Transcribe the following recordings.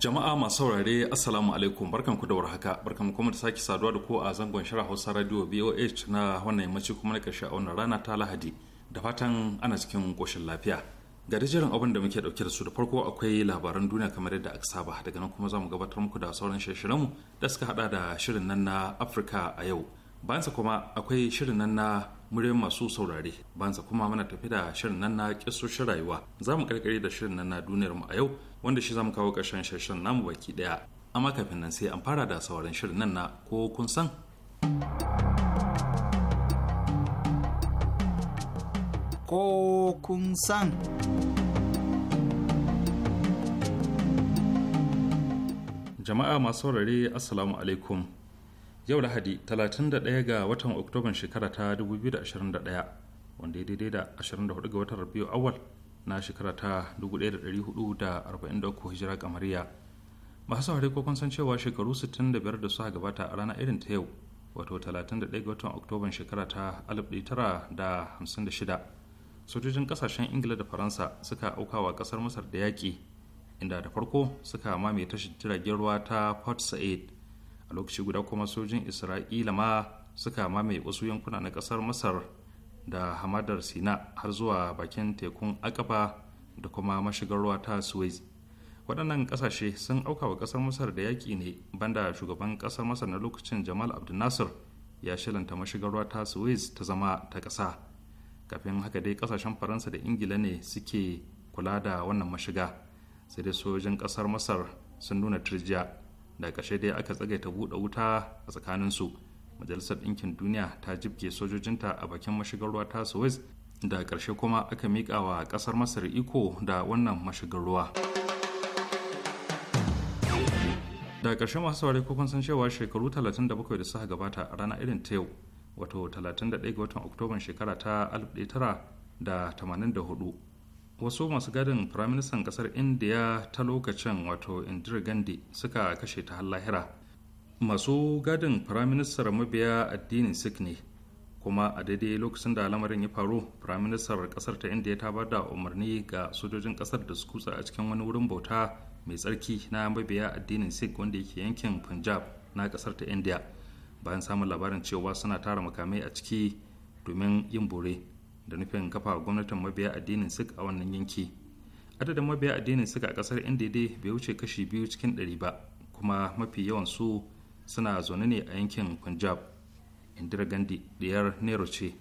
Jama'a masu saurare Assalamu alaikum barkan ku da warhaka barkan kuma da sake saduwa da ku a zangon shara Hausa Radio BOH na wannan yammaci kuma na karshe a wannan rana ta Lahadi da fatan ana cikin koshin lafiya. Ga jiran abin da muke dauke da su da farko akwai labaran duniya kamar yadda aka saba daga nan kuma za mu gabatar muku da sauran shirye-shiryenmu da suka hada da shirin nan na Afirka a yau. Bayansa kuma akwai shirin nan na muryar masu saurare bayansa kuma muna tafi da shirin nan na kisoshin rayuwa za mu karkare da shirin nan na duniyar mu a yau wanda shi zamu kawo ƙarshen shirin namu baki daya amma kafin nan sai an fara da sauran shirin nan na ko kun san ko kun san jama'a masu saurare assalamu alaikum yau lahadi 31 ga watan oktoban shekara ta 2021 wanda ya daidai da 24 ga watan rabiu awal na shekara ta 1443 hijira kamariya masu saurari ko san cewa shekaru 65 da suka gabata a rana irin ta yau wato 31 ga watan oktoban shekara ta 1956 sojojin kasashen ingila da faransa suka aukawa kasar masar da yaƙi inda da farko suka mamaye tashar jiragen ruwa ta port said a lokaci guda kuma sojin isra'ila ma suka mamaye wasu yankuna na kasar masar da hamadar sina har zuwa bakin tekun akaba da kuma mashigar ruwa ta suez waɗannan ƙasashe sun auka wa ƙasar masar da yaƙi ne banda shugaban ƙasar masar na lokacin jamal abdulnasir ya shilanta mashigar ruwa ta suez ta zama ta ƙasa kafin haka dai ƙasashen faransa da ingila ne suke kula da wannan mashiga sai dai sojojin ƙasar masar sun nuna turjiya da ƙashe dai aka tsagaita buɗe wuta a tsakaninsu majalisar ɗinkin duniya ta jibge sojojinta a bakin mashigar ruwa ta suez da ƙarshe kuma aka miƙa wa ƙasar masar iko da wannan mashigar ruwa da ƙarshe masu saurari ko kun san cewa shekaru 37 da suka gabata a rana irin ta yau wato 31 ga watan oktoban shekara ta 1984 wasu masu gadin firaministan ƙasar indiya ta lokacin wato indira gandhi suka kashe ta har lahira masu gadin firaministar mabiya addinin sikh ne kuma a daidai lokacin da lamarin ya faru firaministar kasar ta indiya ta ba da umarni ga sojojin kasar da su kutsa a cikin wani wurin bauta mai tsarki na mabiya addinin sikh wanda yake yankin punjab na kasar ta indiya bayan samun labarin cewa suna tara makamai a ciki domin yin bore da nufin kafa gwamnatin mabiya addinin sikh a wannan yanki adadin mabiya addinin sikh a kasar india dai bai wuce kashi biyu cikin ɗari ba kuma mafi yawan su suna zaune ne a yankin punjab indira gandhi ɗiyar nero ce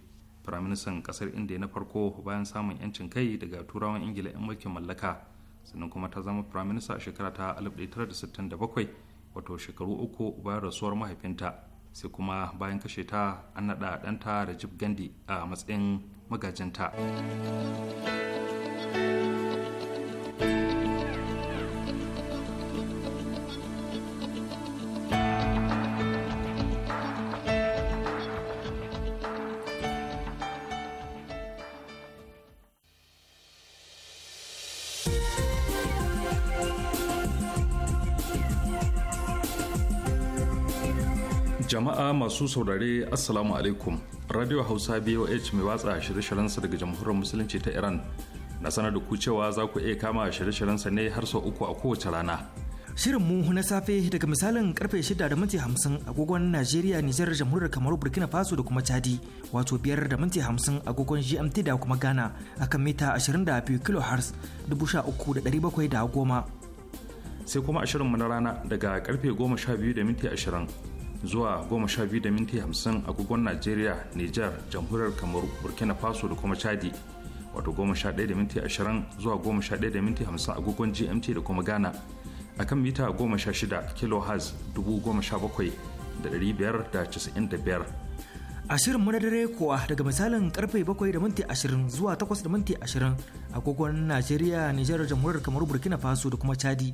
firaministan ƙasar indiya na farko bayan samun 'yancin kai daga turawan ingila 'yan mulkin mallaka sannan kuma ta zama firaminista a shekara ta 1967 wato shekaru uku bayan rasuwar mahaifinta sai kuma bayan kashe ta an naɗa ɗanta rajib gandhi a matsayin magajinta masu saurare assalamu alaikum radio hausa boh mai watsa shirye-shiryensa daga jamhuriyar musulunci ta iran na sanar da ku cewa za ku iya kama shirye-shiryensa ne har sau uku a kowace rana shirin mu na safe daga misalin karfe 6 da minti 50 agogon najeriya nijar jamhuriyar kamaru burkina faso da kuma chadi wato biyar da minti 50 agogon gmt da kuma ghana akan mita 22 kilohertz 13710 sai kuma ashirin mu na rana daga karfe 12 da minti ashirin. zuwa biyu da minti 50 agogon Najeriya, Nijar, Jamhuriyar Kamaru, Burkina Faso da kuma Chadi. Wato ɗaya da minti ashirin zuwa ɗaya da minti 50 agogon GMT da kuma Ghana. A kan mita 16 kHz 17,595. Ashirin mu na dare kuwa daga misalin karfe bakwai da minti ashirin zuwa takwas da minti 20 agogon Najeriya, Nijar, Jamhuriyar Kamaru, Burkina Faso da kuma Chadi.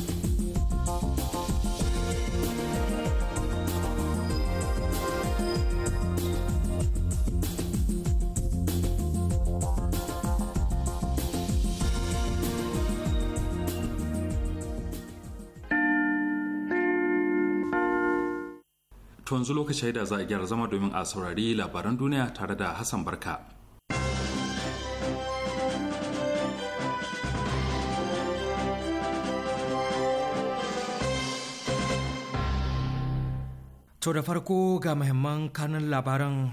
To yanzu lokaci da za a gyara zama domin a saurari labaran duniya tare da Hassan Barka. To da farko ga muhimman kanin labaran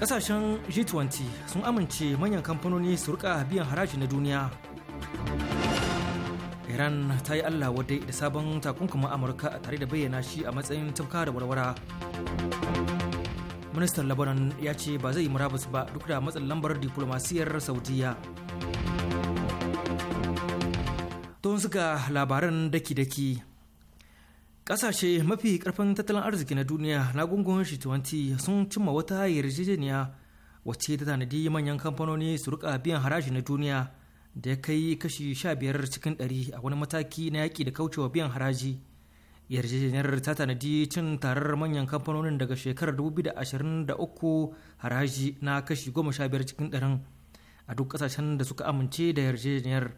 Kasashen G20 sun amince manyan kamfanoni su rika biyan haraji na duniya iran ta yi allah wadai da sabon takunkumin amurka tare da bayyana shi a matsayin tafka da warwara ministan labaran ya ce ba zai yi murabus ba duk da matsin lambar diplomasiyar saudiya tun suka labaran daki-daki ƙasashe mafi karfin tattalin arziki na duniya na gungun shi 20 sun cimma wata yarjejeniya wacce ta tanadi manyan kamfanoni su rika biyan haraji na duniya da ya kai kashi 15 cikin dari a wani mataki na yaƙi da kaucewa biyan haraji yarjejeniyar ta tanadi cin tarar manyan kamfanonin daga shekarar 2023 haraji na kashi 15 cikin 100 a duk kasashen da suka amince da yarjejeniyar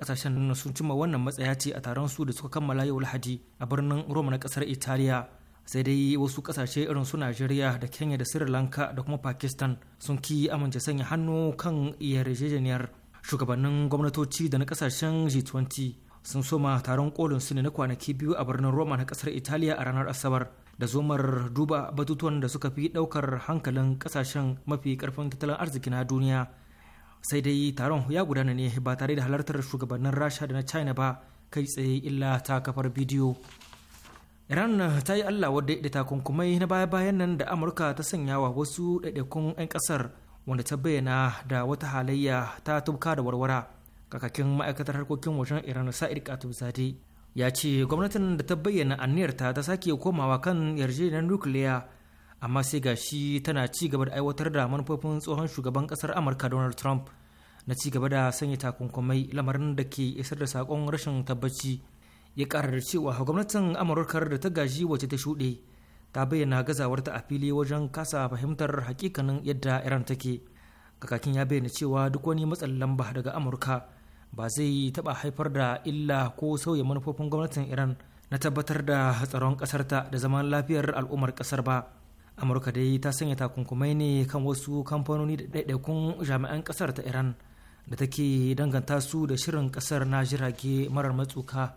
ƙasashen sun cimma wannan matsaya ce a taron su da suka kammala yau lahadi a birnin roma na kasar italiya sai dai wasu kasashe irin su najeriya da kenya da sri lanka da kuma pakistan sun ki amince sanya hannu kan yarjejeniyar shugabannin gwamnatoci da na kasashen g20 sun soma taron kolin su ne na kwanaki biyu a birnin roma na kasar italiya a ranar asabar da zomar duba batutuwan da suka fi daukar hankalin kasashen mafi karfin tattalin arziki na duniya sai dai taron ya gudana ne ba tare da halartar shugabannin rasha da na china ba kai tsaye illa ta kafar bidiyo iran ta yi allah wadda da takunkumai na baya-bayan nan da amurka ta sanya wa wasu ɗaiɗaikun 'yan ƙasar wanda ta bayyana da wata halayya ta tubka da warwara kakakin ma'aikatar harkokin wajen iran sa'id katib-zade. ya ce gwamnatin da ta bayyana aniyarta ta sake komawa kan yarjejeniyar nukiliya amma sai ga shi tana ci gaba da aiwatar da manufofin tsohon shugaban kasar amurka donald trump na ci gaba da sanya takunkumai lamarin da ke isar da sakon rashin tabbaci ya ƙara da cewa gwamnatin amurkar da ta gaji wace ta shuɗe ta bayyana gazawarta a fili wajen kasa fahimtar hakikanin yadda iran take kakakin ya bayyana cewa duk wani matsalar lamba daga amurka ba zai taɓa haifar da illa ko sauya manufofin gwamnatin iran na tabbatar da tsaron ƙasarta da zaman lafiyar al'ummar kasar ba amurka dai ta sanya takunkumai ne kan wasu kamfanoni da ɗaiɗaikun jami'an kasar ta iran da take danganta su da shirin kasar na jirage marar matsuka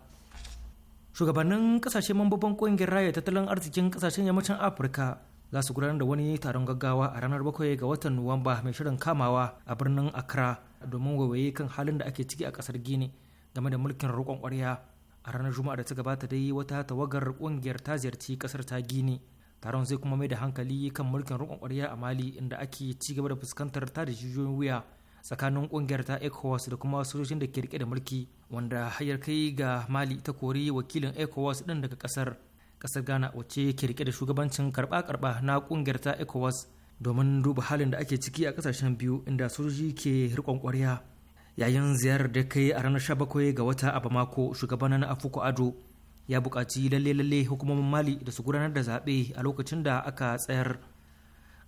shugabannin kasashe mambobin kungiyar raya tattalin arzikin kasashen yammacin afirka za su gudanar da wani taron gaggawa a ranar bakwai ga watan nuwamba mai shirin kamawa a birnin accra domin waiwaye kan halin da ake ciki a kasar gini game da mulkin roƙon ƙwarya a ranar juma'a da ta gabata dai wata tawagar kungiyar ta ziyarci kasar ta gini taron zai kuma mai da hankali kan mulkin roƙon ƙwarya a mali inda ake ci gaba da fuskantar ta jijiyoyin wuya tsakanin kungiyar ta ecowas da kuma sojojin da ke rike da mulki wanda hayar kai ga mali ta kori wakilin ecowas din daga kasar kasar ghana wacce ke rike da shugabancin karba-karba na kungiyar ta ecowas domin duba halin da ake ciki a kasashen biyu inda sojoji ke rikon kwarya yayin ziyarar da kai a ranar 17 ga wata a bamako shugaban na afuku ado ya buƙaci lalle-lalle hukumomin mali da su gudanar da zaɓe a lokacin da aka tsayar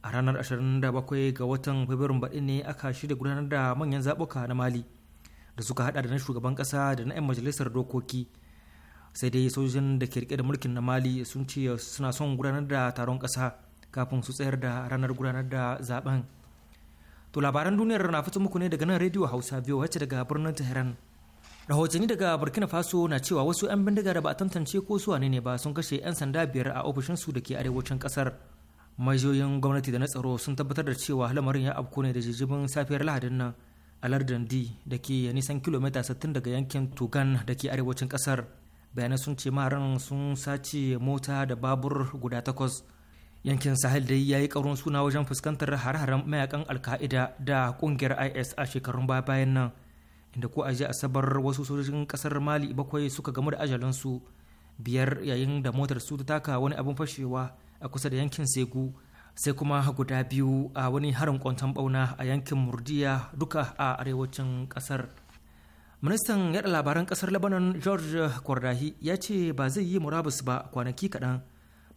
a ranar 27 ga watan fabrairun baɗi ne aka shirya gudanar da manyan zaɓuka na mali da suka haɗa da na shugaban ƙasa da na 'yan majalisar dokoki sai dai sojojin da ke rike da mulkin na mali sun ce suna son gudanar da taron ƙasa kafin su tsayar da ranar gudanar da zaben to labaran duniyar na fito muku ne daga nan rediyo hausa biyu wacce daga birnin tehran rahotanni daga burkina faso na cewa wasu 'yan bindiga da ba a tantance ko su ne ba sun kashe 'yan sanda biyar a ofishinsu da ke arewacin kasar majiyoyin gwamnati da na tsaro sun tabbatar da cewa lamarin ya afko ne da jijibin safiyar lahadin nan a lardin d da ke nisan kilomita 60 daga yankin tugan da ke arewacin kasar bayanai sun ce maharan sun sace mota da babur guda takwas yankin sahel dai ya yi karun suna wajen fuskantar har-haren mayakan alka'ida da kungiyar is a shekarun baya bayan nan inda ko a asabar wasu sojojin kasar mali bakwai suka gamu da ajalinsu biyar yayin da motar su ta taka wani abin fashewa a kusa da yankin segu sai kuma guda biyu a wani harin kwanton bauna a yankin murdiya duka a arewacin kasar ministan yada labaran kasar lebanon george kordahi ya ce ba zai yi murabus ba kwanaki kaɗan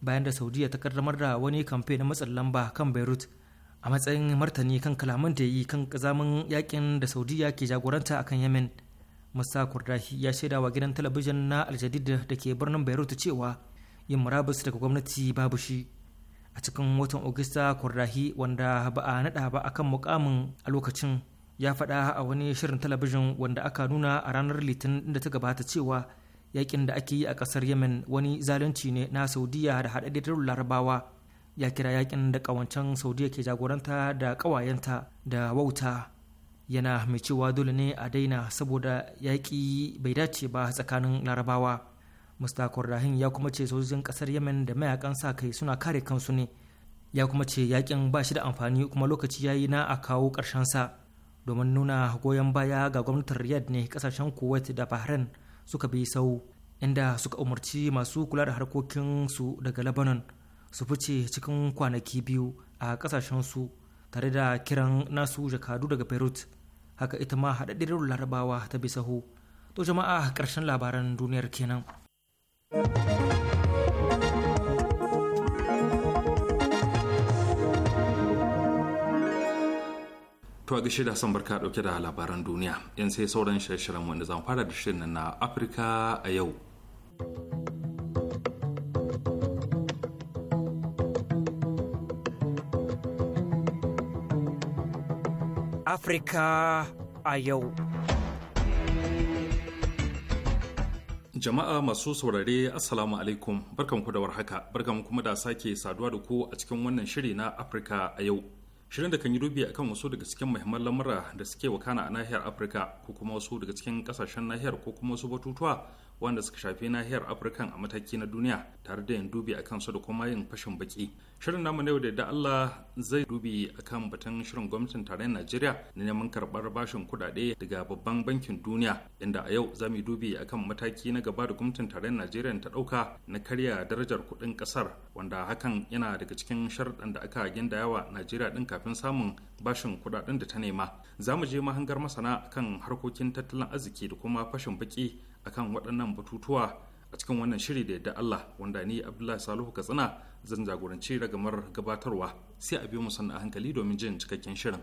bayan da saudiya ta kaddamar da wani kamfe na matsin lamba kan beirut a matsayin martani kan kalaman da yi kan kazamin yakin da saudiya ke jagoranta akan yemen musa kwardahi ya shaidawa gidan talabijin na aljadid da ke birnin beirut cewa yin murabus daga gwamnati babu shi a cikin watan Ogista Kwarrahi wanda ba a naɗa ba akan mukamin a lokacin ya faɗa a wani shirin talabijin wanda aka nuna a ranar litinin da ta gabata cewa yakin da ake yi a ƙasar Yemen wani zalunci ne na Saudiya da haɗaɗɗiyar Larabawa ya kira yakin da ƙawancen Saudiya ke jagoranta da ƙawayenta da wauta yana mai cewa dole ne a daina saboda yaƙi bai dace ba tsakanin Larabawa. mustakor rahim ya kuma ce sojojin kasar yemen da mayakan sa kai suna kare kansu ne ya kuma ce yakin ba shi da amfani kuma lokaci ya yi na a kawo karshen sa domin nuna goyon baya ga gwamnatin riyadh ne kasashen kuwait da bahrain suka bi sau inda suka umarci masu kula da harkokin su daga lebanon su fice cikin kwanaki biyu a kasashen su tare da kiran nasu jakadu daga beirut haka ita ma haɗaɗɗiyar larabawa ta bi sahu to jama'a karshen labaran duniyar kenan. To ga shida son barka dauke da labaran duniya yan sai sauran shirye-shiryen wanda zan fara da shirin na Afirka a yau. Afirka a yau. Jama'a masu saurare Assalamu alaikum barkan ku da warhaka barkan kuma da sake saduwa da ku a cikin wannan shiri na Afirka a yau. Shirin da kan yi dubi akan wasu daga cikin muhimman lamura da suke wakana a nahiyar Afirka ko kuma wasu daga cikin kasashen nahiyar ko kuma wasu batutuwa wanda suka shafi nahiyar afirkan a mataki na duniya tare da yin dubi akan su da kuma yin fashin baki shirin namu na yau da da allah zai dubi akan batun shirin gwamnatin tarayyar najeriya na neman karbar bashin kudade daga babban bankin duniya inda a yau za mu dubi akan mataki na gaba da gwamnatin tarayyar najeriya ta ɗauka na karya darajar kudin kasar wanda hakan yana daga cikin sharɗan da aka gindayawa najeriya din kafin samun bashin kudaden da ta nema za mu je mahangar masana kan harkokin tattalin arziki da kuma fashin baki akan waɗannan batutuwa a cikin wannan shiri da yadda Allah wanda ni Abdullahi Salihu Katsina zan jagoranci ragamar gabatarwa sai a biyo mu sannan a hankali domin jin cikakken shirin.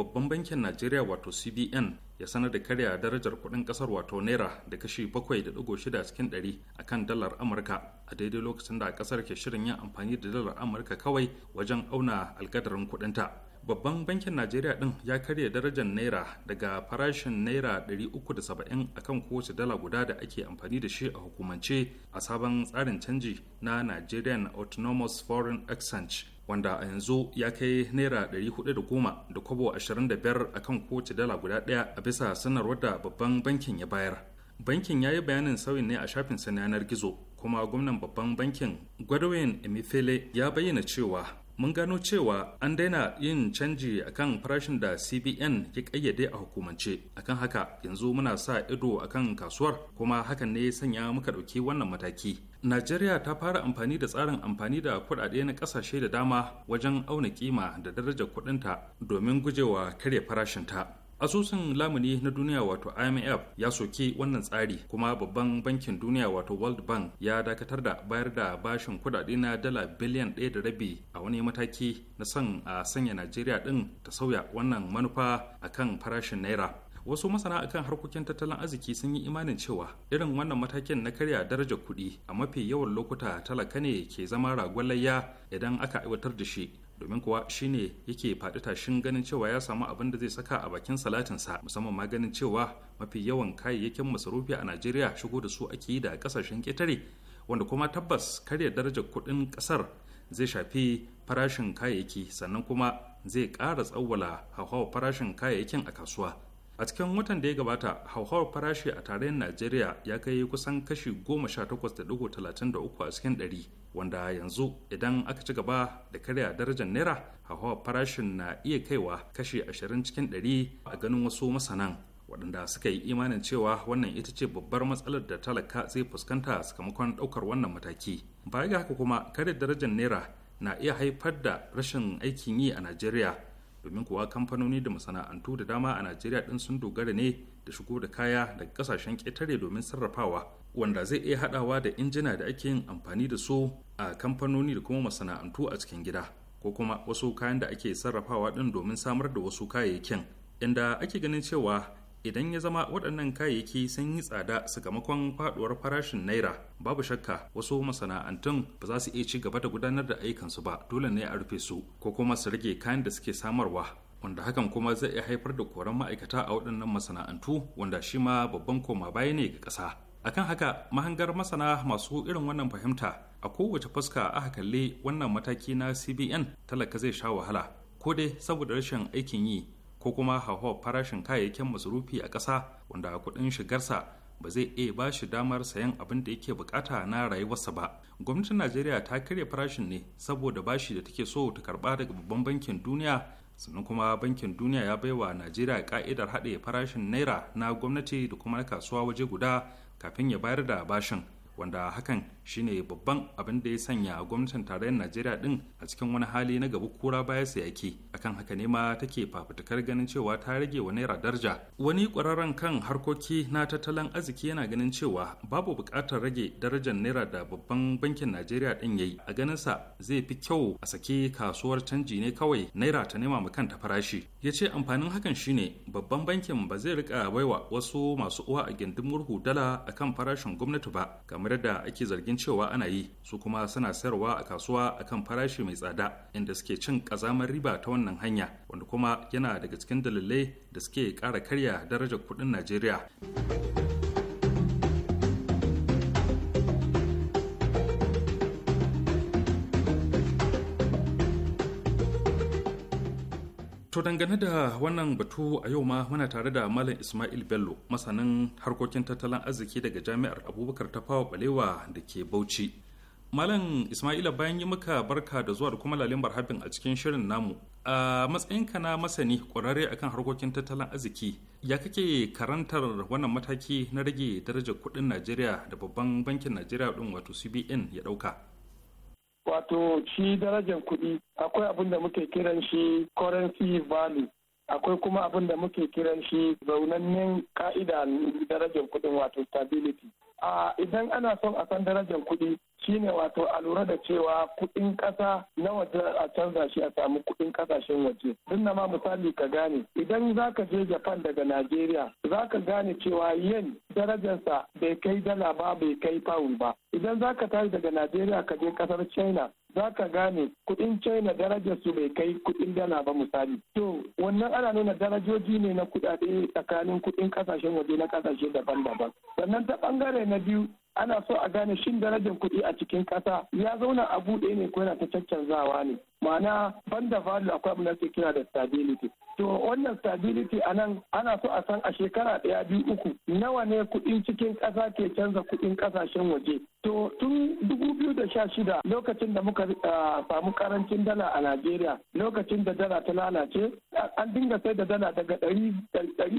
babban bankin najeriya wato cbn ya sanar da karya darajar kudin kasar wato naira da kashi 7.6 cikin 100 a kan dalar amurka a daidai lokacin da kasar ke shirin yin amfani da dalar amurka kawai wajen auna alkadarin kudinta babban bankin najeriya din ya karya darajar naira daga farashin naira 370 a kan kowace dala guda da ake amfani da shi a hukumance a sabon tsarin canji na nigerian autonomous foreign exchange wanda a yanzu ya kai naira 410 da kwabo 25 kan kowace dala guda daya a bisa sanarwar da babban bankin ya bayar bankin ya yi bayanin sauyin ne a shafin na yanar gizo kuma gwamnan babban bankin godwin emifele ya bayyana cewa mun gano cewa an daina yin canji akan farashin da cbn ya kayyade a hukumance akan haka yanzu muna sa ido akan kasuwar kuma hakan ne sanya muka ɗauki wannan mataki najeriya ta fara amfani da tsarin amfani da kuɗaɗe na ƙasashe da dama wajen auna kima da darajar kuɗinta domin gujewa karya farashinta asusun lamuni na duniya wato imf ya soke wannan tsari kuma babban bankin duniya wato world bank ya dakatar da bayar da bashin kudade na dala biliyan ɗaya da rabi a wani mataki na son a sanya najeriya ɗin ta sauya wannan manufa akan farashin naira wasu masana akan harkokin tattalin arziki sun yi imanin cewa irin wannan matakin na karya daraja kuɗi a mafi yawan lokuta talaka ne ke zama ragwalayya idan aka aiwatar da shi domin kuwa shine yake faɗi tashin ganin cewa ya samu abin da zai saka a bakin salatinsa musamman ma ganin cewa mafi yawan kayayyakin masarufi a najeriya shigo da su ake yi da ƙasashen ƙetare wanda kuma tabbas karya darajar kuɗin ƙasar zai shafi farashin kayayyaki sannan kuma zai ƙara tsawwala hauhawar farashin kayayyakin a kasuwa a cikin watan da ya gabata hauhawar farashi a tarayyar najeriya ya kai kusan kashi 18.33 a cikin 100 wanda yanzu idan aka ci gaba da karya darajar naira hauhawar farashin na iya kaiwa kashi 20 cikin 100 a ganin wasu masanan waɗanda suka yi imanin cewa wannan ita ce babbar matsalar da talaka zai fuskanta sakamakon ɗaukar wannan mataki baya ga haka kuma karya darajar naira na iya haifar da rashin aikin yi a najeriya domin kuwa kamfanoni da masana'antu da dama a najeriya ɗin sun dogara ne da shigo da kaya daga kasashen ƙetare domin sarrafawa wanda zai iya haɗawa da injina da ake yin amfani da su a kamfanoni da kuma masana'antu a cikin gida ko kuma wasu kayan da ake sarrafawa ɗin domin samar da wasu kayayyakin inda ake ganin cewa idan ya zama waɗannan kayayyaki sun yi tsada sakamakon faɗuwar farashin naira babu shakka wasu masana'antun ba za su iya ci gaba da gudanar da ayyukansu ba dole ne a rufe su ko kuma su rage kayan da suke samarwa wanda hakan kuma zai iya haifar da koran ma'aikata a waɗannan masana'antu wanda shi ma babban koma baya ne ga ƙasa akan haka mahangar masana masu irin wannan fahimta a kowace fuska aka kalli wannan mataki na cbn talaka zai sha wahala ko dai saboda rashin aikin yi ko kuma hauhawar farashin kayayyakin masarufi a ƙasa wanda kuɗin shigarsa ba zai iya ba shi damar sayan abin da yake bukata na rayuwarsa ba gwamnatin najeriya ta karya farashin ne saboda bashi da take so ta karɓa daga babban bankin duniya sannan kuma bankin duniya ya baiwa najeriya ka'idar haɗe farashin naira na gwamnati da kuma na kasuwa waje guda kafin ya bayar da bashin wanda hakan shine babban abin da ya sanya gwamnatin tarayyar najeriya din a cikin wani hali na gaba kura baya sa yake akan haka ne ma take fafutukar ganin cewa ta rage wa naira darja wani kwararren kan harkoki na tattalin arziki yana ganin cewa babu buƙatar rage darajar naira da babban bankin najeriya din yayi a ganin sa zai fi kyau a sake kasuwar canji ne kawai naira ta nema ma ta farashi ya ce amfanin hakan shine babban bankin ba zai rika baiwa wasu masu uwa a gindin murhu dala akan farashin gwamnati ba kamar da ake zargin cewa ana yi su kuma suna sayarwa a kasuwa akan farashi mai tsada inda suke cin kazamar riba ta wannan hanya wanda kuma yana daga cikin dalilai da suke kara karya darajar kudin najeriya To dangane da wannan batu a yau ma muna tare da Malam Ismail Bello masanin harkokin tattalin arziki daga Jami'ar Abubakar ta fawa balewa da ke Bauchi. Malam Ismaila bayan yi maka barka da zuwa da kuma lalin habin a cikin shirin namu. A matsayinka na masani kwararre akan harkokin tattalin arziki, ya kake karantar wannan mataki na rage darajar kuɗin Najeriya da babban bankin Najeriya ɗin wato CBN ya ɗauka? wato shi darajar kuɗi akwai abin da muke kiran shi currency value akwai kuma abin da muke kiran shi zaunannen ka'ida darajar kuɗin wato stability A idan ana son a san darajar kuɗi shine wato a lura da cewa kuɗin ƙasa na waje a canza shi a samu kuɗin ƙasashen waje. Dun na ma misali ka gane idan za ka je Japan daga Najeriya za ka gane cewa yen darajarsa bai kai dala ba bai kai pound ba. Idan za ka tashi daga Najeriya ka je ƙasar China za ka gane kuɗin china darajar su bai kai kuɗin dala ba misali to wannan ana nuna darajoji ne na kuɗaɗe tsakanin kuɗin kasashen waje na kasashe daban-daban sannan ta ɓangare na biyu ana so a gane shin darajar kuɗi a cikin ƙasa ya zauna a buɗe ne ko yana ta caccanzawa ne ma'ana ban da value akwai abin da ke kira da stability to wannan stability a nan ana so a san a shekara ɗaya biyu uku nawa ne kuɗin cikin ƙasa ke canza kuɗin ƙasashen waje to tun dubu biyu da sha shida lokacin da muka ah, samu karancin dala a najeriya lokacin da dala ta lalace an dinga sai da dala daga ɗari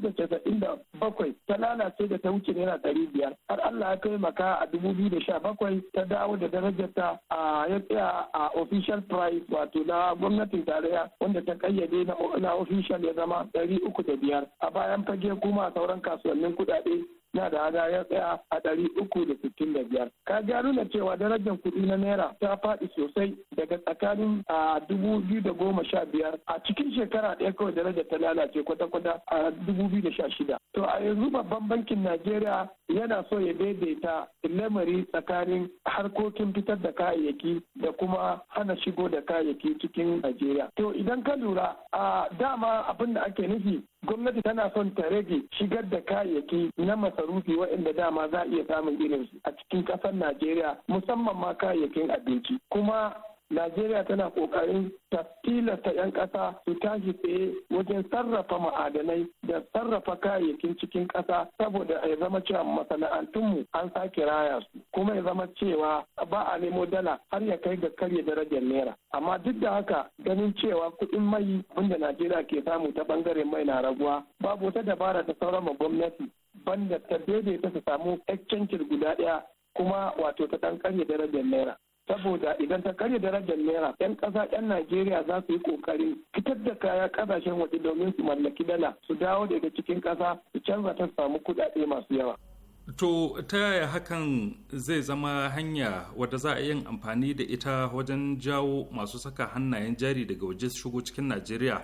da casa'in bakwai ta lalace da ta wuce naira ɗari biyar har allah ya kai maka a dubu biyu da sha bakwai ta dawo da darajarta a ah, ya tsaya a official price wato wato na gwamnatin tarayya wanda ta kayyade na official ya zama ɗari uku da biyar a bayan fage kuma sauran kasuwannin kuɗaɗe na da hada ya tsaya a ɗari uku da sittin da biyar. Ka ga nuna cewa darajar kuɗi na naira ta faɗi sosai daga tsakanin a dubu biyu da goma sha biyar a cikin shekara ɗaya kawai darajar ta lalace kwata-kwata a dubu biyu da sha shida. To a yanzu babban bankin Najeriya yana so ya daidaita lamari tsakanin harkokin fitar da kayayyaki da kuma hana shigo da kayayyaki cikin Najeriya. To idan ka lura a dama abin da ake nufi gwamnati tana son ta rage shigar da kayayyaki na masarufi waɗanda dama za a iya samun irinsu a cikin ƙasar najeriya musamman ma kayayyakin abinci kuma Najeriya tana kokarin ta 'yan ƙasa su tashi tsaye wajen sarrafa ma'adanai da sarrafa kayayyakin cikin ƙasa saboda ya zama cewa masana'antunmu an sake raya su kuma ya zama cewa ba a nemo dala har ya kai ga karya darajar naira amma duk da haka ganin cewa kuɗin mai wanda Najeriya ke samu ta bangaren mai na raguwa babu wata dabara ta sauran ma gwamnati banda ta daidaita su samu exchange guda ɗaya kuma wato ta ɗan karya darajar naira. saboda idan ta karya darajar naira yan kasa yan najeriya za su yi kokari fitar da kaya kasashen waje domin su mallaki dala su dawo daga cikin kasa su canza ta samu kudade masu yawa To ta yaya hakan zai zama hanya wadda za a yin amfani da ita wajen jawo masu saka hannayen jari daga waje su shigo cikin Najeriya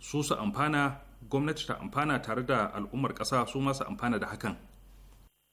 su su amfana gwamnati ta amfana tare da al'ummar kasa su masu amfana da hakan.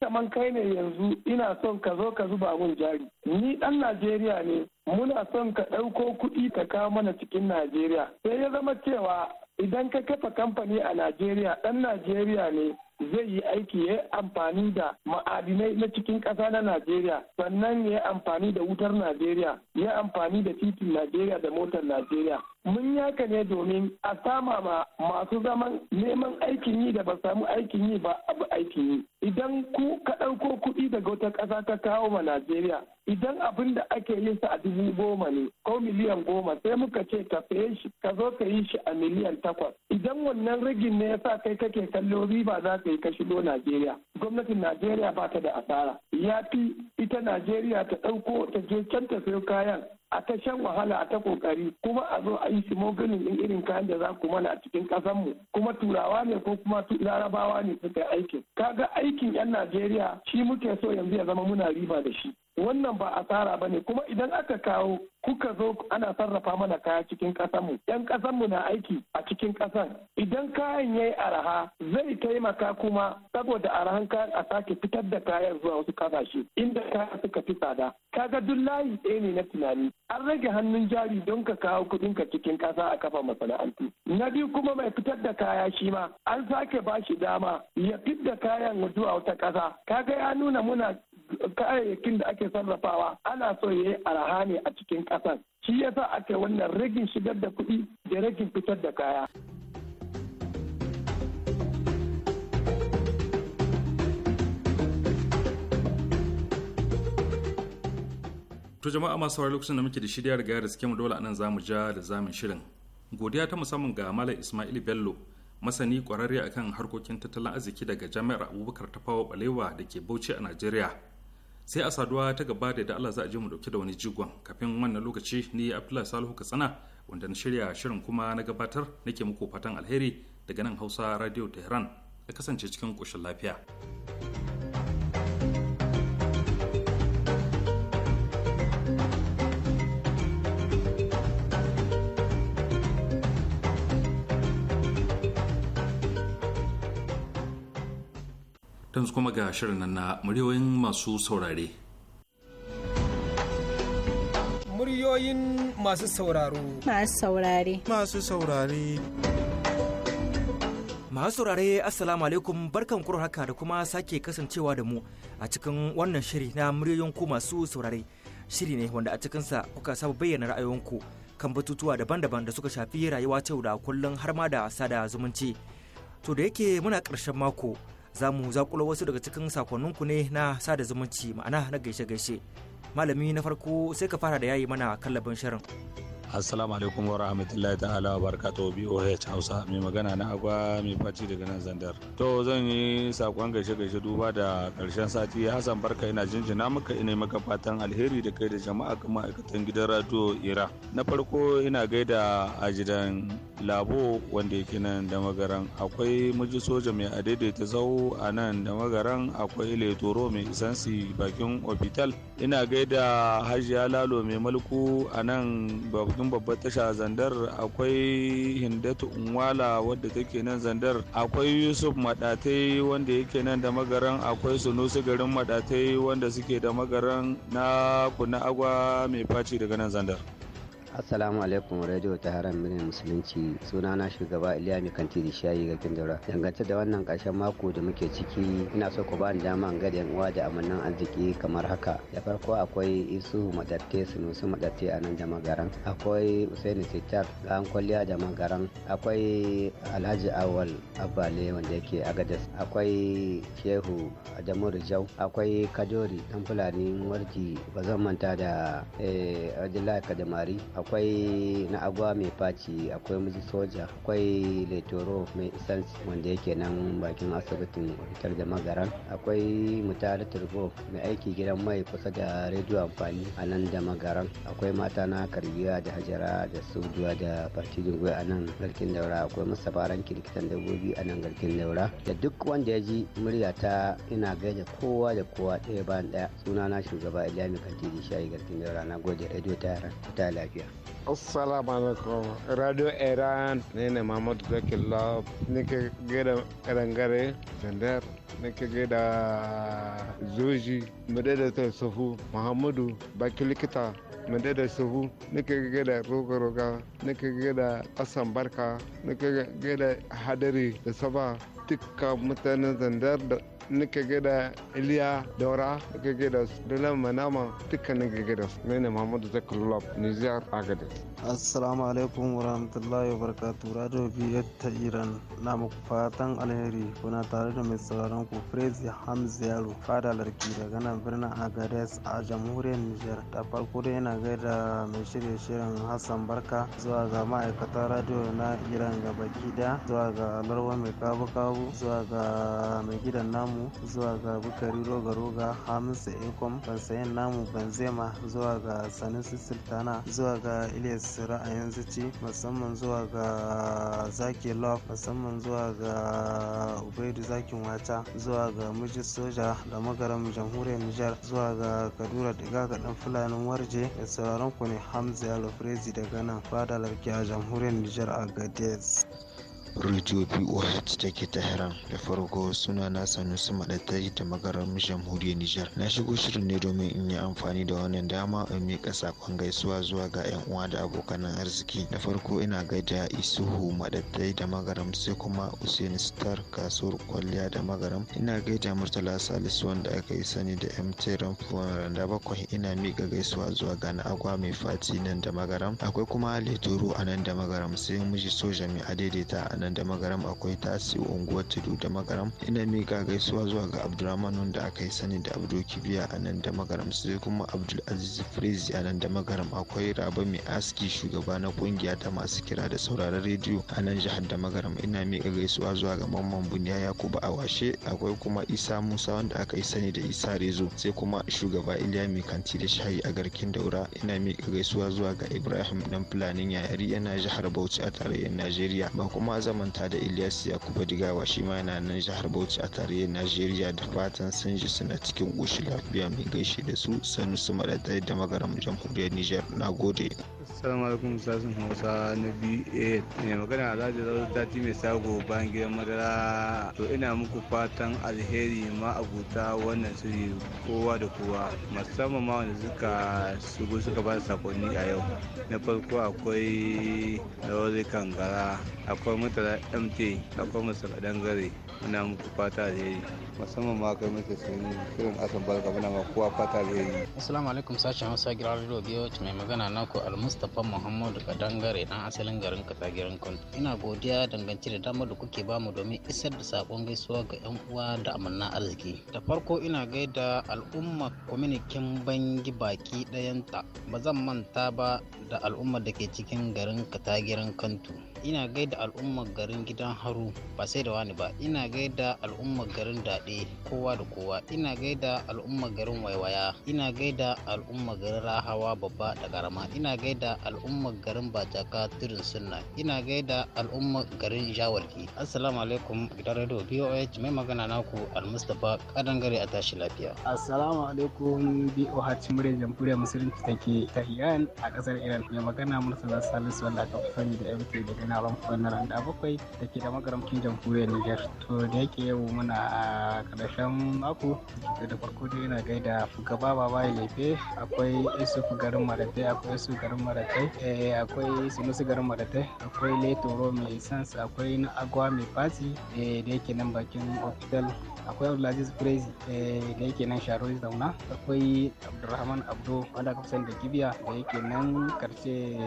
zaman kai ne yanzu ina son ka zo ka zuba mun jari ni dan najeriya ne muna son ka ɗauko kuɗi ka kawo mana cikin najeriya sai ya zama cewa idan ka kafa kamfani a najeriya ɗan najeriya ne zai yi aiki ya amfani da ma'adinai na cikin ƙasa na Najeriya sannan ya amfani da wutar Najeriya ya amfani da titin Najeriya da motar Najeriya. Mun yaka ne domin a sama ma masu zaman neman aikin yi da ba samu aikin yi ba abu aikin yi. Idan ku ka ɗauko kuɗi daga wata ƙasa ka kawo ma Najeriya idan abin da ake yin sa a dubu goma ne ko miliyan goma sai muka ce ka saye shi ka zo ka yi shi a miliyan takwas idan wannan rigin ne ya sa kai kake kallo riba za ka yi ka shigo Najeriya gwamnatin Najeriya ba ta da asara ya fi ita Najeriya ta ɗauko ta je can ta sayo kayan a ta shan wahala a ta kokari kuma a zo a yi smoganin din irin kayan da za ku mana a cikin kasan mu kuma turawa ne ko kuma larabawa ne suka yi aikin kaga aikin yan Najeriya shi muke so yanzu ya zama muna riba da shi wannan ba asara ba ne kuma idan aka kawo kuka zo ana sarrafa mana kaya cikin ƙasanmu. yan ƙasanmu na aiki a cikin ƙasar idan kayan yayi araha zai taimaka kuma saboda arahan kayan a sake fitar da kayan zuwa wasu kasashe inda kayan suka fi tsada kaga duk layi ɗaya ne na tunani an rage hannun jari don ka kawo kuɗin ka cikin ƙasa a kafa masana'antu na biyu kuma mai fitar da kaya shi ma an sake ba shi dama ya fit da kayan zuwa wata ƙasa kaga ya nuna muna kayayyakin da ake sarrafawa ana so ya yi araha ne a cikin ƙasar shi yasa ake wannan ragin shigar da kuɗi da ragin fitar da kaya To jama'a masu saurari lokacin da muke da shirya riga da suke mu dole anan zamu ja da zamin shirin. Godiya ta musamman ga Malam Ismail Bello, masani kwararre akan harkokin tattalin arziki daga Jami'ar Abubakar Tafawa Balewa da ke Bauchi a Najeriya. sai a saduwa ta gaba da Allah za a je mu dauke da wani jigon kafin wannan lokaci ni Abdullahi Salihu Katsina wanda na shirya shirin kuma na gabatar nake muku fatan alheri daga nan Hausa Radio Tehran ya kasance cikin koshin lafiya. yanzu kuma ga shirin nan na muryoyin masu saurare. Muryoyin masu sauraro. Masu saurare. Masu saurare. Masu saurare Assalamu alaikum barkan kuro haka da kuma sake kasancewa da mu a cikin wannan shiri na muryoyin ku masu saurare. Shiri ne wanda a cikinsa kuka saba bayyana ra'ayoyinku kan batutuwa daban-daban da suka shafi rayuwa ta da kullum har ma da sada zumunci. To da yake muna ƙarshen mako za mu zakulo wasu daga cikin sakonninku ne na sada zumunci ma'ana na gaishe-gaishe malami na farko sai ka fara da yayi mana kallabin shirin assalamu alaikum wa rahmatullahi ta'ala wa barakatuhu BOH Hausa mai magana na agwa mai faci daga nan zandar to zan yi sakon gaishe gaishe duba da karshen sati Hassan barka ina jinjina maka ina maka fatan alheri da kai da jama'a ga ma'aikatan gidan radio Ira na farko ina gaida a jidan labo wanda yake nan da magaran akwai miji soja mai adaidaita zau a nan da magaran akwai letoro mai isansi bakin ofital ina gaida hajiya lalo mai mulku a nan bakin cikin babbar tasha zandar akwai hindatu unwala wadda take nan zandar akwai yusuf madatai wanda yake nan da magaran akwai sunusi garin madatai wanda suke da magaran na kuna agwa mai faci daga nan zandar assalamu alaikum radio ta haram mini musulunci suna na shugaba iliya mai kanti da shayi ga kindura dangance da wannan karshen mako da muke ciki ina so ku ba ni dama in gada uwa da amannan arziki kamar haka da farko akwai isu madatte sunusu madatte a nan da magaran akwai usaini sitar an kwalliya da magaran akwai alhaji awal abale wanda yake agadas akwai shehu adamu rijau akwai kadori dan fulani warji ba manta da eh, abdullahi kadamari akwai na agwa mai faci akwai miji soja akwai letoro mai isans wanda yake nan bakin asibitin fitar da magaran akwai mutane turbo mai aiki gidan mai kusa da rediyo amfani a nan da magaran akwai mata na karbiya da hajara da sojuwa da fatidin gwai a nan garkin daura akwai masa baran kirkitan dabobi a nan garkin daura da duk wanda ya ji murya ta ina gaida kowa da kowa ɗaya bayan ɗaya sunana shugaba ilami kantiri shayi garkin daura na gode rediyo ta yaran ta lafiya assalamu alaikum radio iran ne ne mahmud zakin love nake gaida karangare zandar nake gaida zoji ta Sufu. muhammadu baki likita madada suhu nake gaida roga-roga nake gaida asan barka nake gaida hadari da saba dukkan mutanen zandar da nika gada iliya daura nika gida dole manama dukkan nika gada su ne muhammadu zakalulab nijar agadis assalamu alaikum warahmatullahi wabarakatuh radio biyar ta iran na muku fatan alheri kuna tare da mai sauraron ku prezi hamza fada larki daga nan birnin agades a jamhuriyar niger ta farko dai yana gaida mai shirye shirin hassan barka zuwa ga ma'aikatan radio na iran ga baki da zuwa ga larwa mai kabu kabu zuwa ga mai gidan namu zuwa ga bukari roga roga hamisu ekom ban namu benzema zuwa ga sanusi sultana zuwa ga ilyas su ra'ayin zuci musamman zuwa ga zaki love musamman zuwa ga ubaidu zakin wata zuwa ga mijin soja da magaram jamhuriyar nijar zuwa ga kadura daga ga dan fulanin warje da sauraron ku ne hamza yalo daga nan fada larki a jamhuriyar nijar a gades Radio BOH take Tehran da farko suna na Sanusi Madatai da magaran jamhuriyar Nijar. Na shigo shirin ne domin in yi amfani da wannan dama in miƙa sakon gaisuwa zuwa ga 'yan uwa da abokan arziki. Da farko ina gaida Isuhu Madatai da magaram sai kuma Usain Star kasuwar kwalliya da magaram. Ina gaida Murtala Salisu wanda aka yi sani da MT Ramfuwan Randa bakwai ina miƙa gaisuwa zuwa ga na agwa mai fati nan da magaram. Akwai kuma lituru a nan da magaram sai miji soja mai adaidaita a nan nan da magaram akwai tasi unguwar tudu da magaram ina mika gaisuwa zuwa ga abdulrahman wanda aka yi sani da abdul kibiya a nan da magaram sai kuma abdul aziz firiz a nan da magaram akwai raba mai aski shugaba na kungiya ta masu kira da sauraron rediyo a nan jihar da magaram ina mika gaisuwa zuwa ga mamman buniya yakubu a washe akwai kuma isa musa wanda aka yi sani da isa rezo sai kuma shugaba iliya mai kanti da shayi a garkin daura ina mika gaisuwa zuwa ga ibrahim dan fulanin yayari yana jihar bauchi a tarayyar najeriya ba kuma zama manta da Ilyas Yakubu Digawa shi ma yana nan jihar Bauchi a tarayyar Najeriya da fatan sun ji suna cikin ƙoshin lafiya mai gaishe da su Sanusi Maɗaɗai da magaram jamhuriyar Nijar. Na gode. Assalamu alaikum sassan Hausa na BA ne magana Alhaji Zawar Tati mai sago bayan gidan madara to ina muku fatan alheri ma abuta wannan shiri kowa da kowa musamman ma wanda suka shigo suka ba sakonni a yau na farko akwai lawari kangara akwai mutane Kwara MT akwai zare muna muku fata alheri. Musamman ma kai muke sun kiran asan barka muna ma kowa fata alheri. Assalamu alaikum sashen Hausa girar Radio mai magana naku Almustapha Muhammadu Kadangare dan asalin garin Katagirin Kun. Ina godiya dangance da damar da kuke bamu domin isar da sakon gaisuwa ga 'yan uwa da amanna arziki. Da farko ina gaida al'umma kwaminikin bangi baki dayanta ba zan manta ba da al'ummar da ke cikin garin Katagirin Kantu. Ina gaida al'ummar garin gidan haru ba sai da wani ba ina gaida al'ummar garin daɗe kowa da kowa ina gaida al'ummar garin waiwaya ina gaida al'ummar garin rahawa babba da karama ina gaida al'ummar garin bajaka turin sunna ina gaida al'ummar garin jawarki assalamu alaikum gidan radio boh mai magana naku almustapha kadangare a tashi lafiya assalamu alaikum boh murya jamhuriyar musulunci take ta iran a kasar iran mai magana murtala salisu wanda aka fi da mt daga na ramfuwan da bakwai da ke da magaramcin jamhuriyar niger To da yake yau muna a karshen mako da farko dai yana gaida ba baba lefe akwai isufu garin maratai akwai isu garin maratai eh, akwai sunusu garin maratai akwai letoro mai sans akwai na agwa mai fasi eh, da yake nan bakin hospital akwai abdulaziz crazy eh, da yake nan sharo zauna akwai abdulrahman abdo wanda kafsan da kibiya da yake nan karshe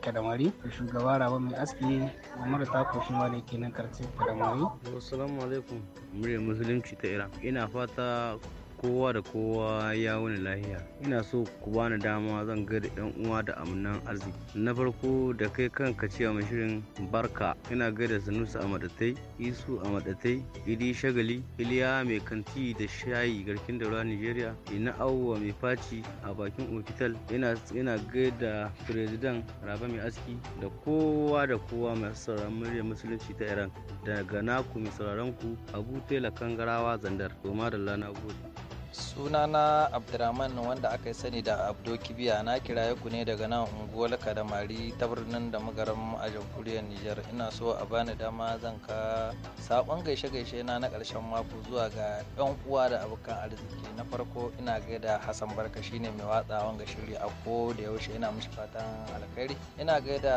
kadamari shugaba raba mai aski a ta koshi ma ne yake nan karce kadamari assalamu alaikum muryar musulunci ta iran ina fata kowa da kowa ya wani lahiya ina so ku bani dama zan ga da yan uwa da amnan arziki na farko da kai kanka cewa mai shirin barka ina gaida sanusa a madatai isu a madatai idi shagali iliya mai kanti da shayi garkin daura nigeria ina awa mai faci a bakin ofital ina ina gaida firizidan raba mai aski da kowa da kowa mai sauraron murya musulunci ta iran daga naku mai sauraron ku abu tela kangarawa zandar to madalla na gode sunana abdurrahman wanda aka sani da abdo kibiya na kiraye ku ne daga nan unguwar kadamari ta birnin da magaram a jamhuriyar nijar ina so a bani dama zan ka sabon gaishe gaishe na na karshen mako zuwa ga yan uwa da abokan arziki na farko ina gaida hassan barka shine mai watsa wanga shiri a ko da yaushe ina mishi fatan alkhairi ina gaida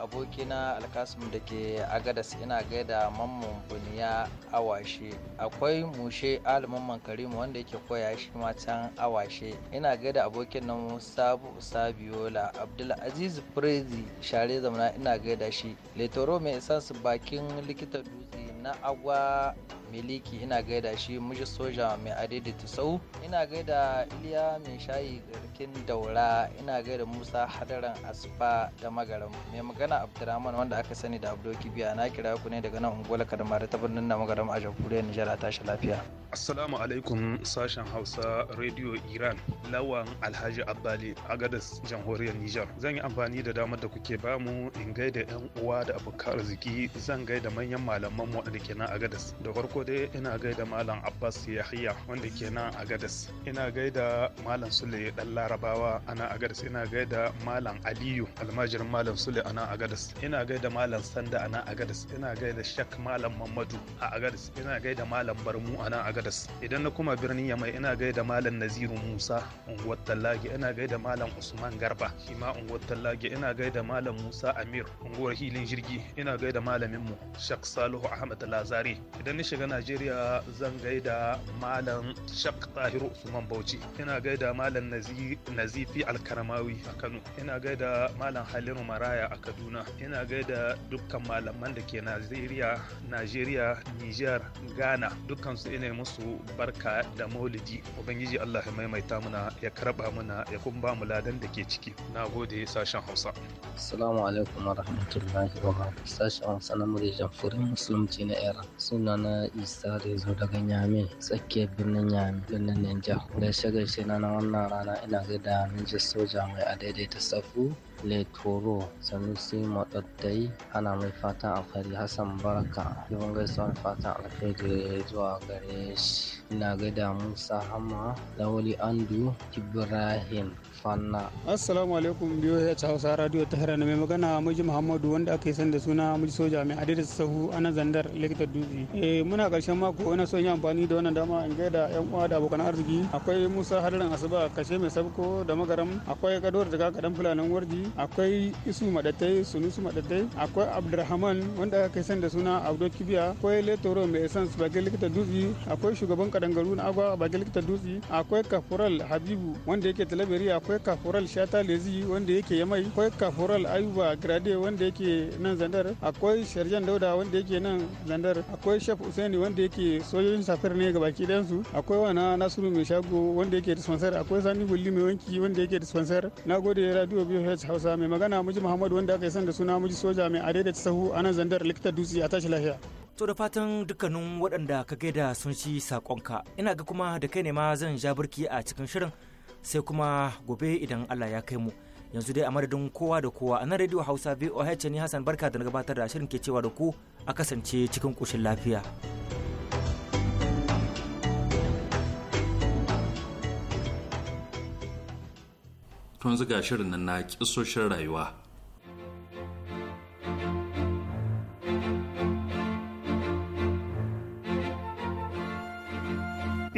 abokina alkasim da ke agadas ina gaida mamman buniya awashe akwai mushe aliman karimu wanda yake koya koya shi ma awashe ina gaida abokin nan sabu sabiola abdulaziz prezi share zamana ina gaida shi letoro mai isansu bakin likita dutse na agwa miliki ina gaida shi muji soja mai adaidaita sau ina gaida iliya mai shayi garkin daura ina gaida musa hadaran asfa da magaram mai magana abdurrahman wanda aka sani da abdo kibiya na kira ku ne daga nan unguwar kadamare ta birnin na magaram a jamhuriyar nijar a tashi lafiya assalamu alaikum sashen hausa radio iran lawan alhaji abbali a gadas jamhuriyar nijar zan yi amfani da damar da kuke bamu in gaida yan uwa da abokan arziki zan gaida manyan malaman mu da ke nan a gadas da farko farko dai ina gaida malam abbas yahiya wanda ke nan a gadas ina gaida malam sule dan larabawa ana a gadas ina gaida malam aliyu almajirin malam sule ana a gadas ina gaida malam sanda ana a gadas ina gaida shak malam mamadu a agadas ina gaida malam barmu ana a gadas idan na kuma birnin yamai ina gaida malam naziru musa unguwar tallage ina gaida malam usman garba shima unguwar tallage ina gaida malam musa amir unguwar hilin jirgi ina gaida malamin mu shak salihu ahmad lazari idan ni shiga najeriya zan gaida malam shak tahiru usman bauchi ina gaida malam nazifi alkaramawi a kano ina gaida malam Halilu maraya a kaduna ina gaida dukkan malaman da ke najeriya najeriya niger ghana dukkan su ina musu barka da maulidi ubangiji allah ya maimaita muna ya karba muna ya kuma ba mu ladan da ke ciki na gode sashen hausa assalamu alaikum wa rahmatullahi wa barakatuh sashen hausa na murya jamfurin musulunci na era suna na Isa da zo daga Nyame tsakiyar birnin Nyame birnin Niger. Gaishe gaishe na na wannan rana ina gaida Ninja Soja mai a daidaita safu Letoro Sanusi Maɗaɗai ana mai fatan alkhairi Hassan Baraka yawan gaisuwar fatan alkhairi zuwa gare shi. Ina da Musa Hama Lawali Andu Ibrahim fanna assalamu alaikum biyo ya hausa radio ta hira mai magana miji muhammadu wanda aka yi san da suna muji soja mai adida sahu ana zandar likita dutse eh muna karshen mako wani son yi amfani da wannan dama in gaida yan uwa da abokan arziki akwai musa hadarin asuba kashe mai sabko da magaram akwai gado da daga kadan fulanin warji akwai isu madatai sunusu madatai akwai abdurrahman wanda aka yi san da suna abdul kibiya akwai letoro mai essence bakin likita dutse akwai shugaban kadangaru na agwa bakin likita dutse akwai kafural habibu wanda yake talabiri akwai akwai kafural shata lezi wanda yake yamai akwai kafural ayuba grade wanda yake nan zandar akwai sharjan dauda wanda yake nan zandar akwai shef usaini wanda yake sojojin safir ne ga baki dayansu akwai wana nasiru mai shago wanda yake dispensar akwai sani bulli mai wanki wanda yake dispensar na gode radio bh hausa mai magana muji muhammadu wanda aka yi san da suna muji soja mai adai da sahu a nan zandar likita dutse a tashi lafiya To da fatan dukkanin waɗanda ka gaida sun ci saƙonka, ina ga kuma da kai ne ma zan ja birki a cikin shirin sai kuma gobe idan Allah ya kai mu yanzu dai a madadin kowa da kowa a nan radio hausa voh ne hassan barka da na gabatar da shirin ke cewa da ku a kasance cikin ƙoshin lafiya tun ziga shirin nan na kisoshin rayuwa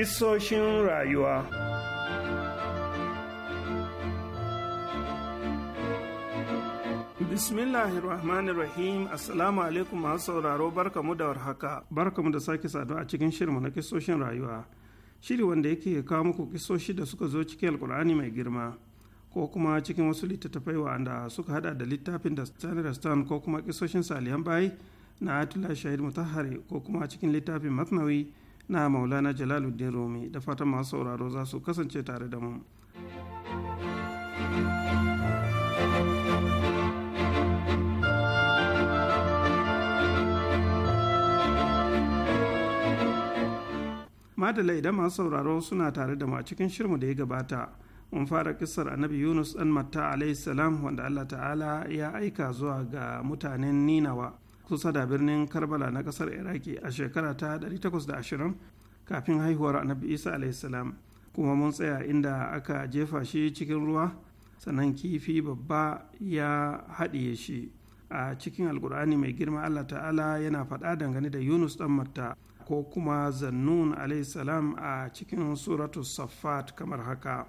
Isoshin rayuwa Bismillahirrahmanirrahim Assalamu alaikum masu sauraro barkamu da warhaka barkamu da sake saduwa a cikin shirinmu na kisoshin rayuwa shiri wanda yake kawo muku kisoshi da suka zo cikin alkur'ani mai girma ko kuma cikin wasu littattafai wanda suka hada da littafin da Stanley Stone ko kuma kisoshin Saliyan Bayi na Atula Shahid Mutahari ko kuma cikin littafin Matnawi na Maulana Jalaluddin Rumi da fatan masu sauraro za su kasance tare da mu. madala idan masu sauraro suna tare da mu a cikin shirmu da ya gabata mun fara kisar annabi yunus dan matta alayhi salam wanda allah ta'ala ya aika zuwa ga mutanen ninawa kusa da birnin karbala na kasar iraki a shekara ta 820 kafin haihuwar annabi isa alayhi salam kuma mun tsaya inda aka jefa shi cikin ruwa sannan kifi babba ya haɗiye shi a cikin alkur'ani mai girma allah ta'ala yana faɗa dangane da yunus dan matta ko kuma zannun salam a cikin suratu saffat kamar haka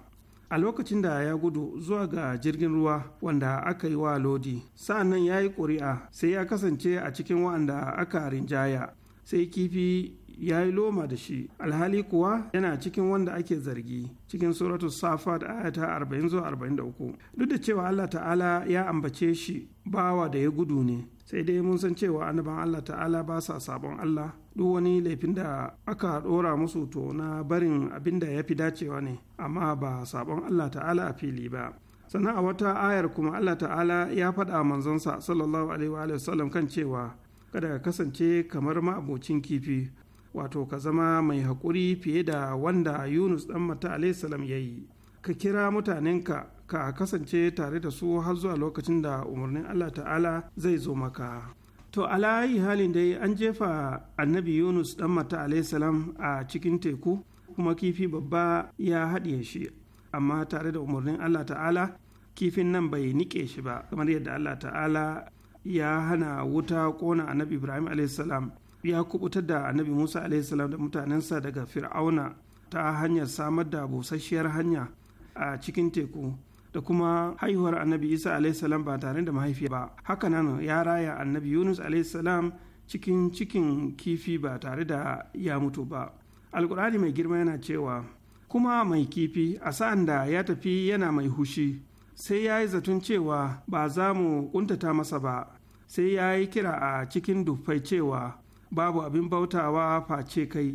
a lokacin da ya gudu zuwa ga jirgin ruwa wanda aka yi wa lodi sa'annan ya yi ƙuri'a sai ya kasance a cikin wa'anda aka rinjaya sai kifi ya yi loma da shi alhali kuwa yana cikin wanda ake zargi cikin suratu safat ayata 40 zuwa 43 duk da cewa Allah ta'ala ya ambace shi bawa da ya gudu ne sai dai mun san cewa annaban Allah ta'ala ba sa sabon Allah duk wani laifin da aka dora musu to na barin abin da ya fi dacewa ne amma ba sabon Allah ta'ala a fili ba sannan a wata ayar kuma Allah ta'ala ya faɗa manzonsa sallallahu alaihi wa sallam kan cewa kada ka kasance kamar ma'abocin kifi wato ka zama mai haƙuri fiye da wanda yunus ɗan mata salam ya yi ka kira mutanenka ka kasance tare da su har zuwa lokacin da umarnin allah ta'ala zai zo maka to alayi halin dai an jefa annabi yunus ɗan mata salam a cikin teku kuma kifi babba ya haɗiye shi amma tare da umarnin allah ta'ala kifin nan bai niƙe shi ba kamar yadda allah ta'ala ya hana wuta kona annabi ibrahim salam ya kubutar da annabi musa alaihissalam da mutanensa daga fir'auna ta hanyar samar da busasshiyar hanya a cikin teku da kuma haihuwar annabi isa alaihissalam ba tare da mahaifiya ba Haka nan ya raya annabi yunus alaihissalam cikin cikin kifi ba tare da ya mutu ba alkur'ani mai girma yana cewa kuma mai kifi a sa'an da ya tafi yana mai hushi sai ya yi zaton cewa ba za mu kuntata masa ba sai ya yi kira a cikin dufai cewa babu abin bautawa face kai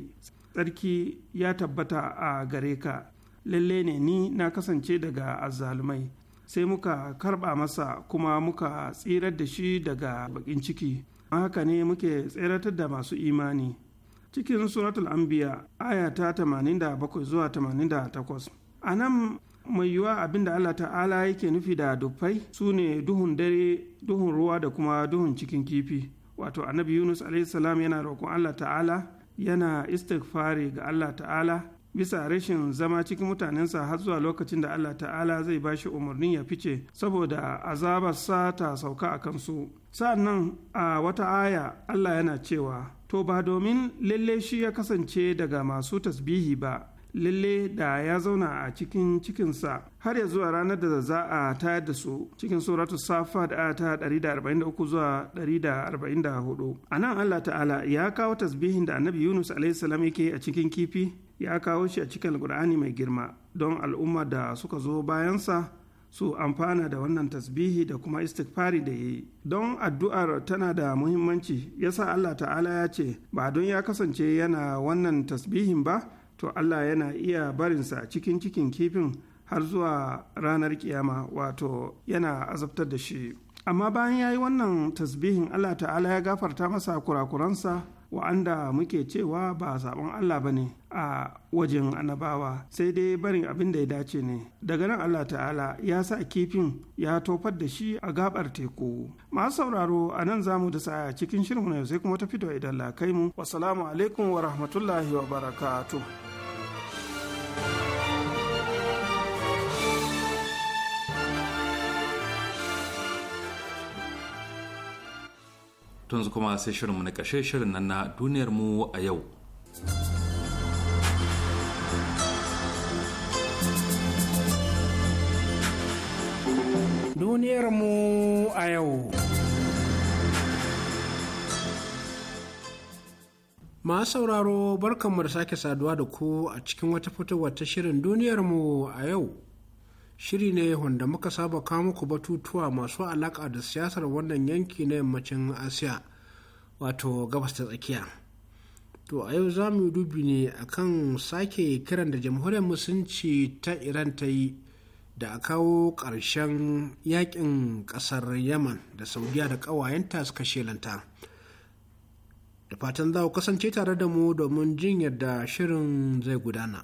tsarki ya tabbata a gare ka lalle ne ni na kasance daga azzalumai sai muka karba masa kuma muka tsirar da shi daga bakin ciki haka ne muke tseratar da masu imani cikin suratul anbiya aya ta 87 zuwa 88 a nan mai yiwuwa abinda allah ta'ala yake nufi da dufai su ne duhun dare duhun ruwa da kuma duhun cikin kifi wato annabi yunus salam yana roƙon allah ta'ala yana istighfari ga allah ta'ala bisa rashin zama cikin mutanensa har zuwa lokacin da allah ta'ala zai ba shi umarnin ya fice saboda azabarsa ta sauka a kansu sa'annan a wata aya allah yana cewa to ba domin lalle shi ya kasance daga masu tasbihi ba lalle da ya zauna a cikin cikinsa har ya zuwa ranar da za a tayar da su cikin suratu safa da ta 143 zuwa 144 a nan allah ta'ala ya kawo tasbihin da annabi yunus a.s. yake a cikin kifi ya kawo shi a cikin alkur'ani mai girma don al'umma da suka zo bayansa su amfana da wannan tasbihi da kuma istighfari da yi don addu'ar tana da muhimmanci yasa allah ta'ala ya ce ba don ya kasance yana wannan tasbihin ba to Allah yana iya barinsa cikin cikin kifin har zuwa ranar kiyama wato yana azabtar da shi amma bayan ya yi wannan tasbihin Allah ta'ala ya gafarta masa kurakuransa wa'anda muke cewa ba sabon Allah ba ne a wajen annabawa sai dai barin abin da ya dace ne daga nan Allah ta'ala ya sa kifin ya tofar da shi a gabar teku masu sauraro a nan za mu da sa'a cikin shirin na yau sai kuma ta fito idan la kai mu wasalamu alaikum wa rahmatullahi wa barakatuh tun su kuma sai shirinmu na kashe shirin nan na duniyar mu a yau duniyar mu a yau masu sauraro barkanmu da sake saduwa da ku a cikin wata fitowar ta shirin duniyarmu a yau shiri ne wanda muka saba kawo muku batutuwa masu alaka da siyasar wannan yanki na yammacin asiya wato gabas ta tsakiya to a yau za mu yi dubi ne akan sake kiran da jamhuriyar musulunci ta iran ta yi da a kawo ƙarshen yakin ƙasar yaman da saudiya da ƙawayenta suka shelanta da fatan za ku kasance tare da mu domin jin yadda shirin zai gudana.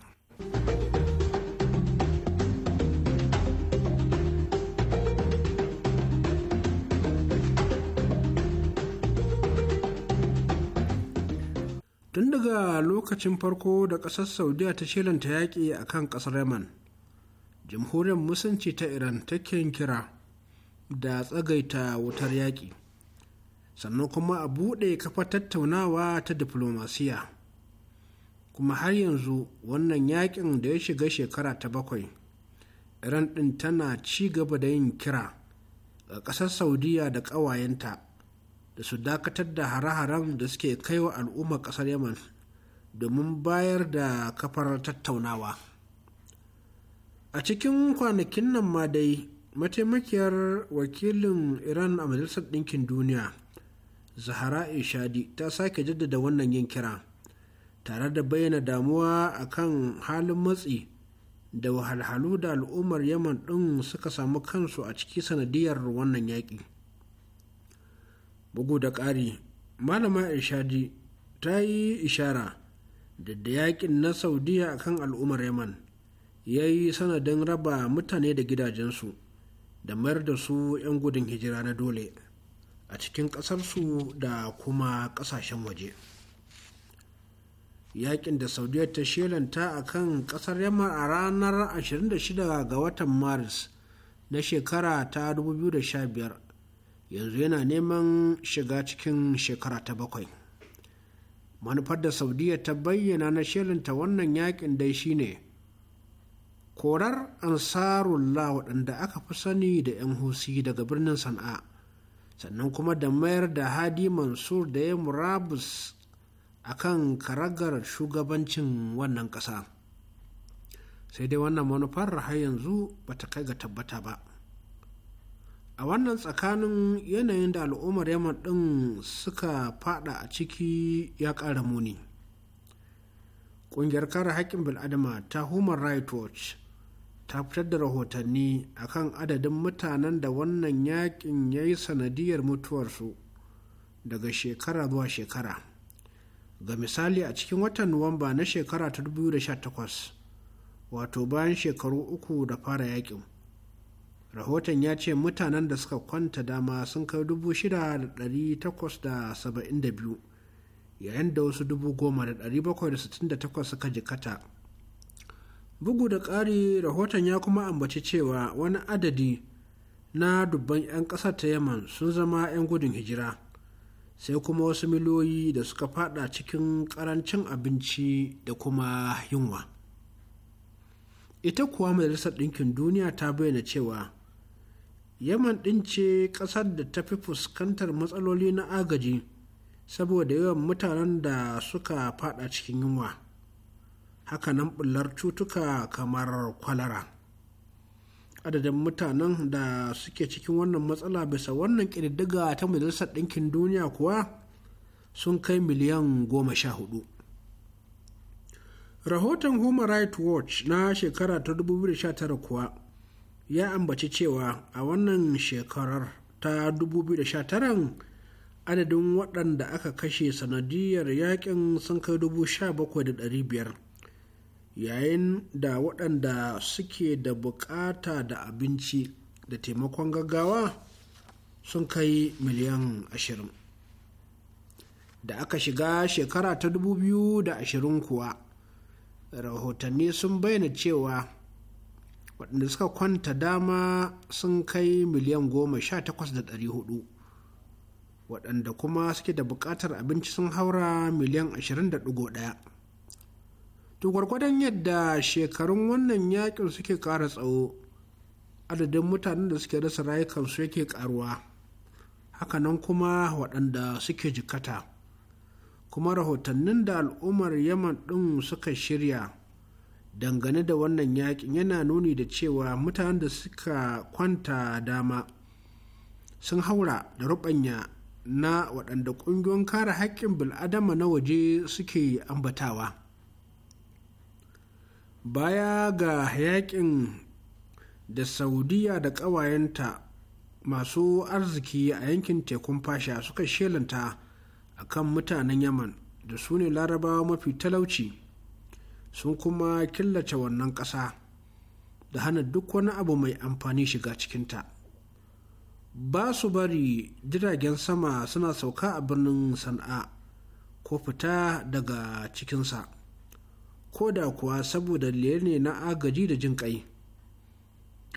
tun daga lokacin farko da ƙasar saudiya ta shirinta yaƙi a kan ƙasar yaman jamhuriyar musulunci ta iran ta kira da tsagaita wutar yaƙi sannan kuma a buɗe kafa tattaunawa ta diflomasiya kuma har yanzu wannan yaƙin da ya shiga shekara ta bakwai iran ɗin tana ci gaba da yin kira ga ƙasar saudiya da ƙawayenta da su dakatar da hare-haren da suke kaiwa al'ummar ƙasar yaman domin bayar da kafar tattaunawa a cikin kwanakin nan ma dai mataimakiyar wakilin iran a majalisar ɗinkin duniya zahara ishadi ta sake jaddada wannan yin kira tare da bayyana damuwa a kan halin matsi da wahalhalu da al'ummar yaman ɗin suka samu kansu a ciki sanadiyar wannan yaƙi bugu da ƙari malama irshadi ta yi ishara da da yakin na saudiya kan al'ummar yaman ya yi sanadin raba mutane da gidajensu da mayar da su 'yan gudun hijira na dole a cikin ƙasarsu da kuma ƙasashen waje yakin da saudiya ta shelanta a kan ƙasar yamma a ranar 26 ga watan maris na shekara ta 2015 yanzu yana neman shiga cikin shekara ta bakwai manufar da saudiya ta bayyana na shirinta wannan yakin dai shine korar ansarullah waɗanda aka fi sani da 'yan husi daga birnin sana'a sannan kuma da mayar da hadi mansur da ya murabus a kan karagar shugabancin wannan ƙasa sai dai wannan manufar har yanzu ba ta kai ga tabbata ba a wannan tsakanin yanayin da al'ummar yaman ɗin suka fada a ciki ya ƙara muni ƙungiyar kare haƙƙin bil'adama ta human rights watch ta fitar da rahotanni akan adadin mutanen da wannan yakin ya yi sanadiyar mutuwarsu daga shekara zuwa shekara ga misali a cikin watan nuwamba na shekara ta 2018 wato bayan shekaru uku da fara yakin rahoton ya ce mutanen da suka kwanta dama sun kai 6,872 yayin da wasu 10,768 suka jikata bugu da ƙari rahoton ya kuma ambaci cewa wani adadi na dubban 'yan ƙasar ta yaman sun zama 'yan gudun hijira sai kuma wasu miliyoyi da suka fada cikin ƙarancin abinci da kuma yunwa ita kuwa majalisar ɗinkin duniya ta bayyana cewa yaman ɗin ce ƙasar da ta fi fuskantar matsaloli na agaji saboda yawan mutanen da suka fada cikin yunwa hakanan bullar cutuka kamar kwalara adadin mutanen da suke cikin wannan matsala bisa wannan ƙididdiga ta majalisar ɗinkin duniya kuwa sun kai miliyan goma sha hudu rahoton human rights watch na shekara ta 2019 kuwa ya ambaci cewa a wannan shekarar ta 2019 adadin waɗanda aka kashe sanadiyar yakin sun kai 17,500 yayin da waɗanda suke da bukata da abinci da taimakon gaggawa sun kai miliyan 20 da aka shiga shekara ta 2020 kuwa rahotanni sun bayyana cewa waɗanda suka kwanta dama sun kai miliyan goma sha takwas da ɗari hudu waɗanda kuma suke da buƙatar abinci sun haura miliyan ashirin da ɗigo ɗaya to gwargwadon yadda shekarun wannan yakin suke ƙara tsawo adadin mutanen da suke rasa rayukansu yake ƙaruwa hakanan kuma waɗanda suke jikata kuma rahotannin da al'ummar yaman ɗin suka shirya dangane da wannan yakin yana nuni da cewa mutanen da suka kwanta dama sun haura da rubanya na waɗanda ƙungiyoyin kare haƙƙin bil'adama na waje suke ambatawa baya ga yakin da saudiya da ƙawayenta masu arziki a yankin tekun fasha suka shelanta a kan mutanen yaman da su ne larabawa mafi talauci sun kuma killace wannan ƙasa da hana duk wani abu mai amfani shiga cikinta ba su bari jiragen sama suna sauka a birnin sana'a ko fita daga cikinsa ko da kuwa saboda ne na agaji da jin ƙai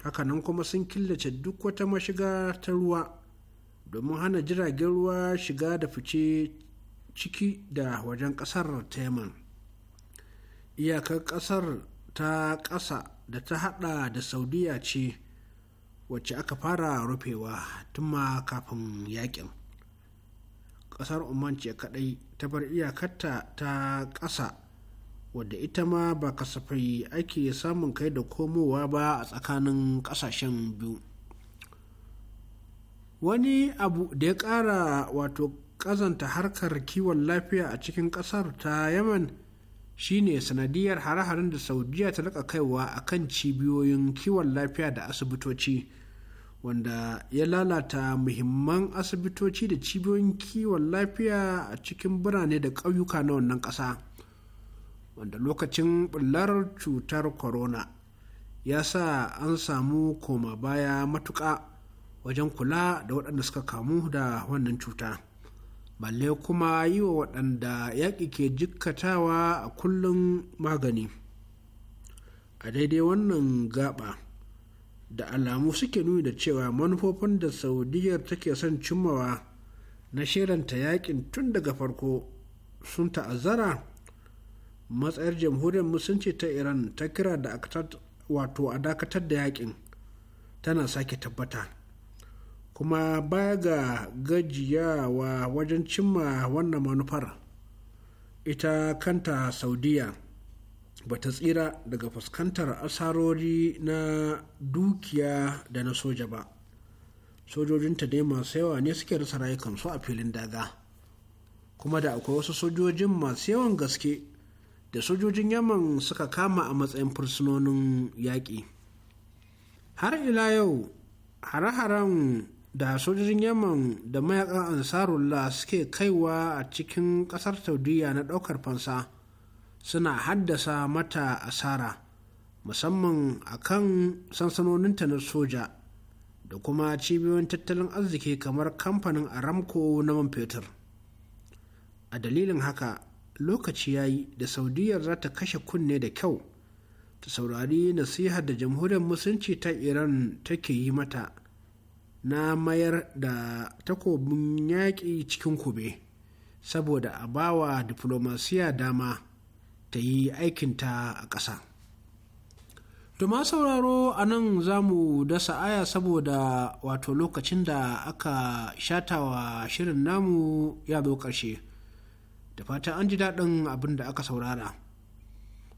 hakanan kuma sun killace duk wata mashiga ta ruwa domin hana jiragen ruwa shiga da fice ciki da wajen ƙasar ta iyakar ƙasar ta ƙasa da ta hada da saudiya ce wacce aka fara rufewa tun ma kafin yakin ƙasar oman ce kadai ta bar iyakarta ta ƙasa wadda ita ma ba kasafai ake samun kai da komowa ba a tsakanin ƙasashen biyu wani abu da ya ƙara wato ƙazanta harkar kiwon lafiya a cikin ƙasar ta yaman shine sanadiyar hare-haren da saudiya ta rika kaiwa a kan cibiyoyin kiwon lafiya da asibitoci wanda ya lalata muhimman asibitoci da cibiyoyin kiwon lafiya a cikin birane da ƙauyuka na wannan ƙasa wanda lokacin bullar cutar corona ya sa an samu koma baya matuƙa wajen kula da waɗanda suka kamu da wannan cuta. balle kuma yi wa waɗanda yaƙi ke jikkatawa a kullum magani a daidai wannan gaɓa da alamu suke nuni da cewa manufofin da saudiyar take son cimmawa na shirinta yaƙin tun daga farko sun ta'azzara matsayar jamhuriyar musulunci ta iran ta kira da wato a dakatar da yaƙin tana sake tabbata kuma ba ga gajiyawa wajen cimma wannan manufar ita kanta saudiya ba ta tsira daga fuskantar asarori na dukiya da na soja ba sojojinta dai masu yawa ne suke rasa rayukansu a filin daga kuma da akwai wasu sojojin masu yawan gaske da sojojin yaman suka kama a matsayin fursunonin yaƙi har ila yau hare-haren da sojojin yaman da mayakan ansarullah suke kaiwa a cikin kasar ta'udiya na daukar fansa suna haddasa mata asara musamman a kan sansanoninta na soja da kuma cibiyoyin tattalin arziki kamar kamfanin aramco na man fetur a dalilin haka lokaci ya yi da saudiyar za ta kashe kunne da kyau ta saurari nasihar da jamhuriyar musulunci ta iran take yi mata na mayar da takobin yaƙi cikin kube saboda a bawa diflomasiya dama ta yi aikinta a ƙasa. ma sauraro a nan za mu dasa aya saboda wato lokacin da aka shatawa shirin namu ya zo ƙarshe da fata an ji daɗin abin da aka saurara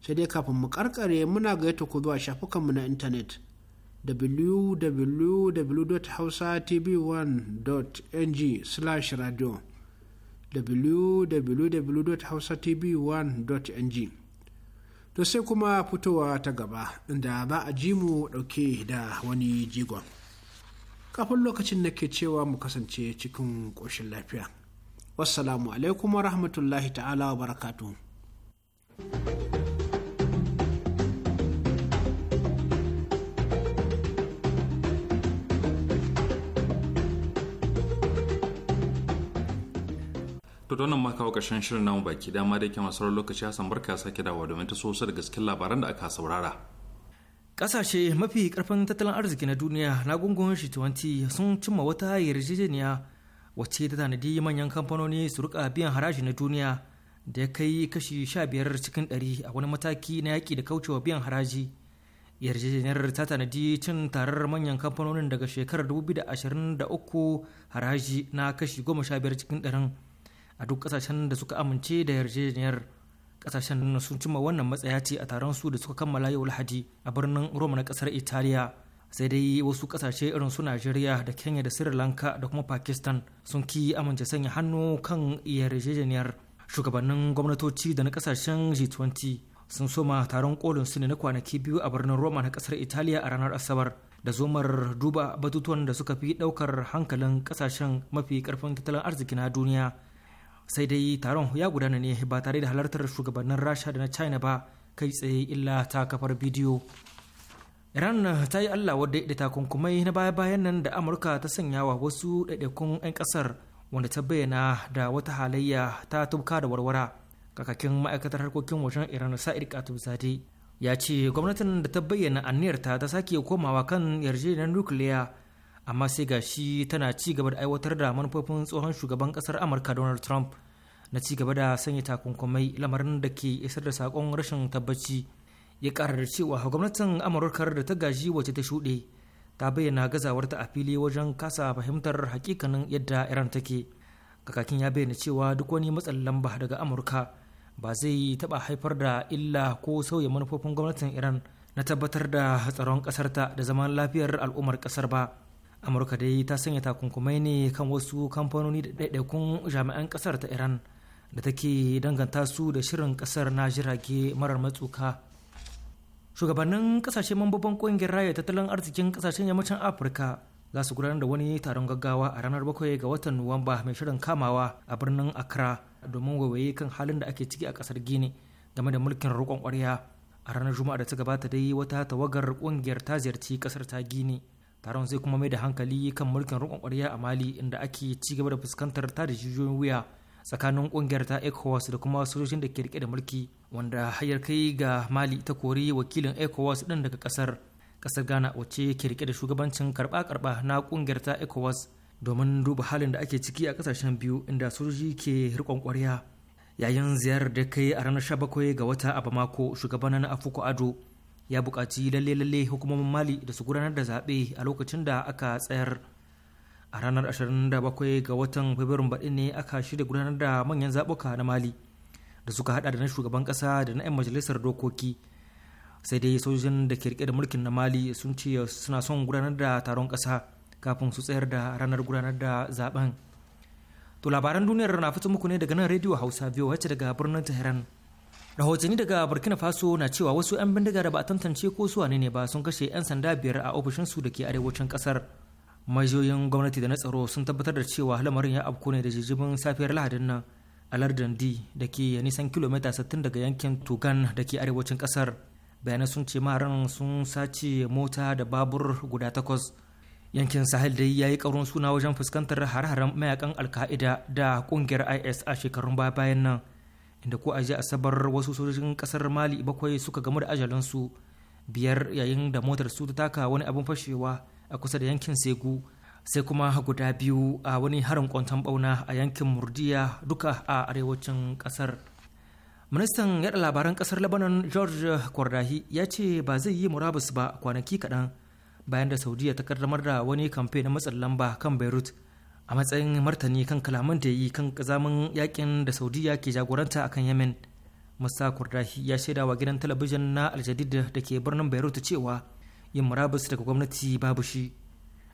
sai dai kafin mu karkare muna ga ku zuwa shafukanmu na intanet www.hausatv1.ng/radio www.hausatv1.ng to sai kuma fitowa ta gaba inda ba a ji mu dauke da wani jigon kafin lokacin nake cewa mu kasance cikin ƙoshin lafiya wassalamu alaikum wa rahmatullahi ta'ala wa barakatu. to don nan makawa ƙarshen shirin namu baki dama da yake masarar lokaci hasan barka sake dawa domin ta so da gaskin labaran da aka saurara ƙasashe mafi karfin tattalin arziki na duniya na gungun shi 20 sun cimma wata yarjejeniya wacce ta tanadi manyan kamfanoni su rika biyan haraji na duniya da ya kai kashi 15 cikin 100 a wani mataki na yaƙi da kaucewa biyan haraji yarjejeniyar ta tanadi cin tarar manyan kamfanonin daga shekarar 2023 haraji na kashi 15 cikin 100 a duk kasashen da suka amince da yarjejeniyar kasashen sun cimma wannan matsaya ce a taron su da suka kammala yau lahadi a birnin roma na kasar italiya sai dai wasu kasashe irin su najeriya da kenya da sri lanka da kuma pakistan sun ki amince sanya hannu kan yarjejeniyar shugabannin gwamnatoci da na kasashen g20 sun soma taron kolin su ne na kwanaki biyu a birnin roma na kasar italiya a ranar asabar da zomar duba batutuwan da suka fi daukar hankalin kasashen mafi karfin tattalin arziki na duniya sai dai taron ya gudana ne ba tare da halartar shugabannin rasha da na china ba kai tsaye illa ta kafar bidiyo iran ta yi allah wadda da takunkumai na baya-bayan nan da amurka ta sanya wa wasu ɗaiɗaikun 'yan ƙasar wanda ta bayyana da wata halayya ta tubka da warwara kakakin ma'aikatar harkokin wajen iran sa'id zade ya ce gwamnatin da ta bayyana aniyarta ta sake komawa kan yarjejeniyar nukiliya amma sai ga shi tana ci gaba da aiwatar da manufofin tsohon shugaban kasar amurka donald trump na ci gaba da sanya takunkumai lamarin da ke isar da sakon rashin tabbaci ya ƙara da cewa gwamnatin amurka da ta gaji wace ta shuɗe ta bayyana gazawarta a fili wajen kasa fahimtar hakikanin yadda iran take kakakin ya bayyana cewa duk wani matsin lamba daga amurka ba zai taɓa haifar da illa ko sauya manufofin gwamnatin iran na tabbatar da tsaron ƙasarta da zaman lafiyar al'ummar ƙasar ba amurka dai ta sanya takunkumai ne kan wasu kamfanoni da ɗaiɗaikun jami'an ƙasar ta iran da take danganta su da shirin ƙasar na jirage marar matsuka shugabannin ƙasashe mambobin ƙungiyar raya tattalin arzikin ƙasashen yammacin afirka za su gudanar da wani taron gaggawa a ranar bakwai ga watan nuwamba mai shirin kamawa a birnin accra domin waiwaye kan halin da ake ciki a ƙasar gini game da mulkin roƙon ƙwarya a ranar juma'a da ta gabata dai wata tawagar ƙungiyar ta ziyarci ƙasar ta gini taron zai kuma mai da hankali kan mulkin rukun kwarya a mali inda ake ci gaba da fuskantar tada jijiyoyin wuya tsakanin ƙungiyar ta ecowas da kuma sojojin da ke rike da mulki wanda hayar kai ga mali ta kori wakilin ecowas din daga kasar kasar ghana wace ke rike da shugabancin karba-karba na ƙungiyar ta ecowas domin duba halin da ake ciki a kasashen biyu inda sojoji ke rikon kwarya yayin ziyarar da kai a ranar 17 ga wata a bamako shugaban afuku ado ya buƙaci lalle-lalle hukumomin mali da su gudanar da zaɓe a lokacin da aka tsayar a ranar 27 ga watan fabrairun baɗi ne aka shirya gudanar da manyan zaɓuka na mali da suka haɗa da na shugaban ƙasa da na 'yan majalisar dokoki sai dai sojojin da ke rike da mulkin na mali sun ce suna son gudanar da taron ƙasa kafin su tsayar da ranar gudanar da zaɓen to labaran duniyar na fito muku ne daga nan rediyo hausa biyu wacce daga birnin tehran rahotanni daga burkina faso na cewa wasu 'yan bindiga da ba tantance ko su ne ba sun kashe 'yan sanda biyar a ofishinsu da ke arewacin kasar majiyoyin gwamnati da na tsaro sun tabbatar da cewa lamarin ya afko ne da jijibin safiyar lahadin nan a lardin d da ke nisan kilomita sittin daga yankin tugan da ke arewacin kasar bayanai sun ce maran sun sace mota da babur guda takwas yankin sahel dai ya yi kaurin suna wajen fuskantar hare-haren mayakan alka'ida da kungiyar is a shekarun baya bayan nan inda ko a ji asabar wasu sojojin kasar mali bakwai suka gamu da ajalinsu biyar yayin da motar su ta taka wani abin fashewa a kusa da yankin segu sai kuma guda biyu a wani harin kwanton bauna a yankin murdiya duka a arewacin kasar ministan yada labaran kasar lebanon george kwardahi ya ce ba zai yi murabus ba kwanaki kaɗan bayan da saudiya ta kaddamar da wani kamfe na matsin lamba kan beirut a matsayin martani kan kalaman da yi kan kazamin yakin da saudiya ke jagoranta a kan yemen musa kurdahi ya shaida wa gidan talabijin na aljadid da ke birnin beirut cewa yin murabus daga gwamnati babu shi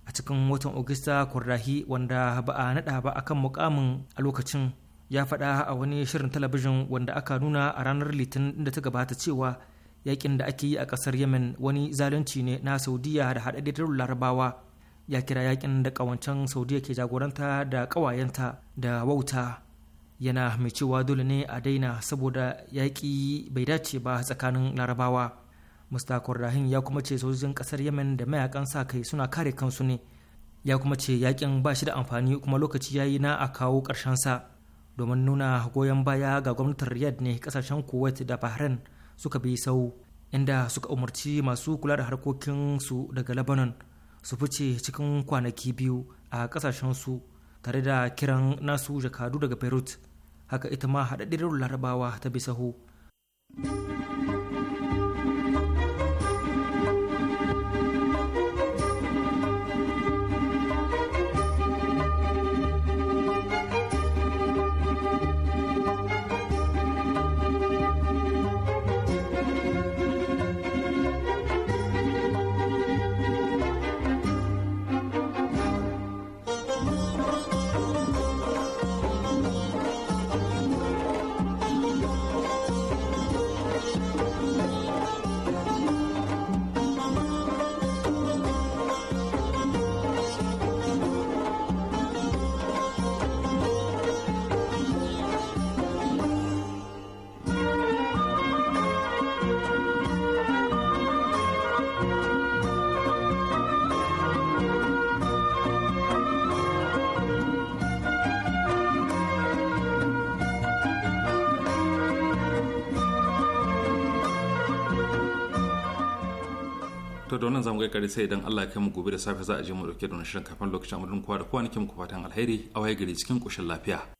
a cikin watan augusta kurdahi wanda ba a nada ba akan mukamin a lokacin ya faɗa a wani shirin talabijin wanda aka nuna a ranar litinin da ta gabata cewa yakin da ake yi a ƙasar yemen wani zalunci ne na saudiya da haɗaɗɗen larabawa ya kira yakin da kawancen saudiya ke jagoranta da ƙawayenta da wauta yana mai cewa dole ne a daina saboda yaƙi bai dace ba tsakanin larabawa mustakar rahim ya kuma ce sojojin ƙasar yemen da mayakan sa kai suna kare kansu ne ya kuma ce yakin ba shi da amfani kuma lokaci ya yi na a kawo ƙarshen sa domin nuna goyon baya ga gwamnatin riyad ne kasashen kuwait da bahrain suka bi sau inda suka umarci masu kula da harkokin su daga lebanon su fice cikin kwanaki biyu a su tare da kiran nasu jakadu daga beirut haka ita ma haɗaɗɗiyar larabawa ta bisaho. dakatar da wannan zamu ga kare sai idan Allah ya kai mu gobe da safe za a je mu dauke da wannan shirin kafin lokacin amurin kowa da kowa nake muku fatan alheri a waye gari cikin koshin lafiya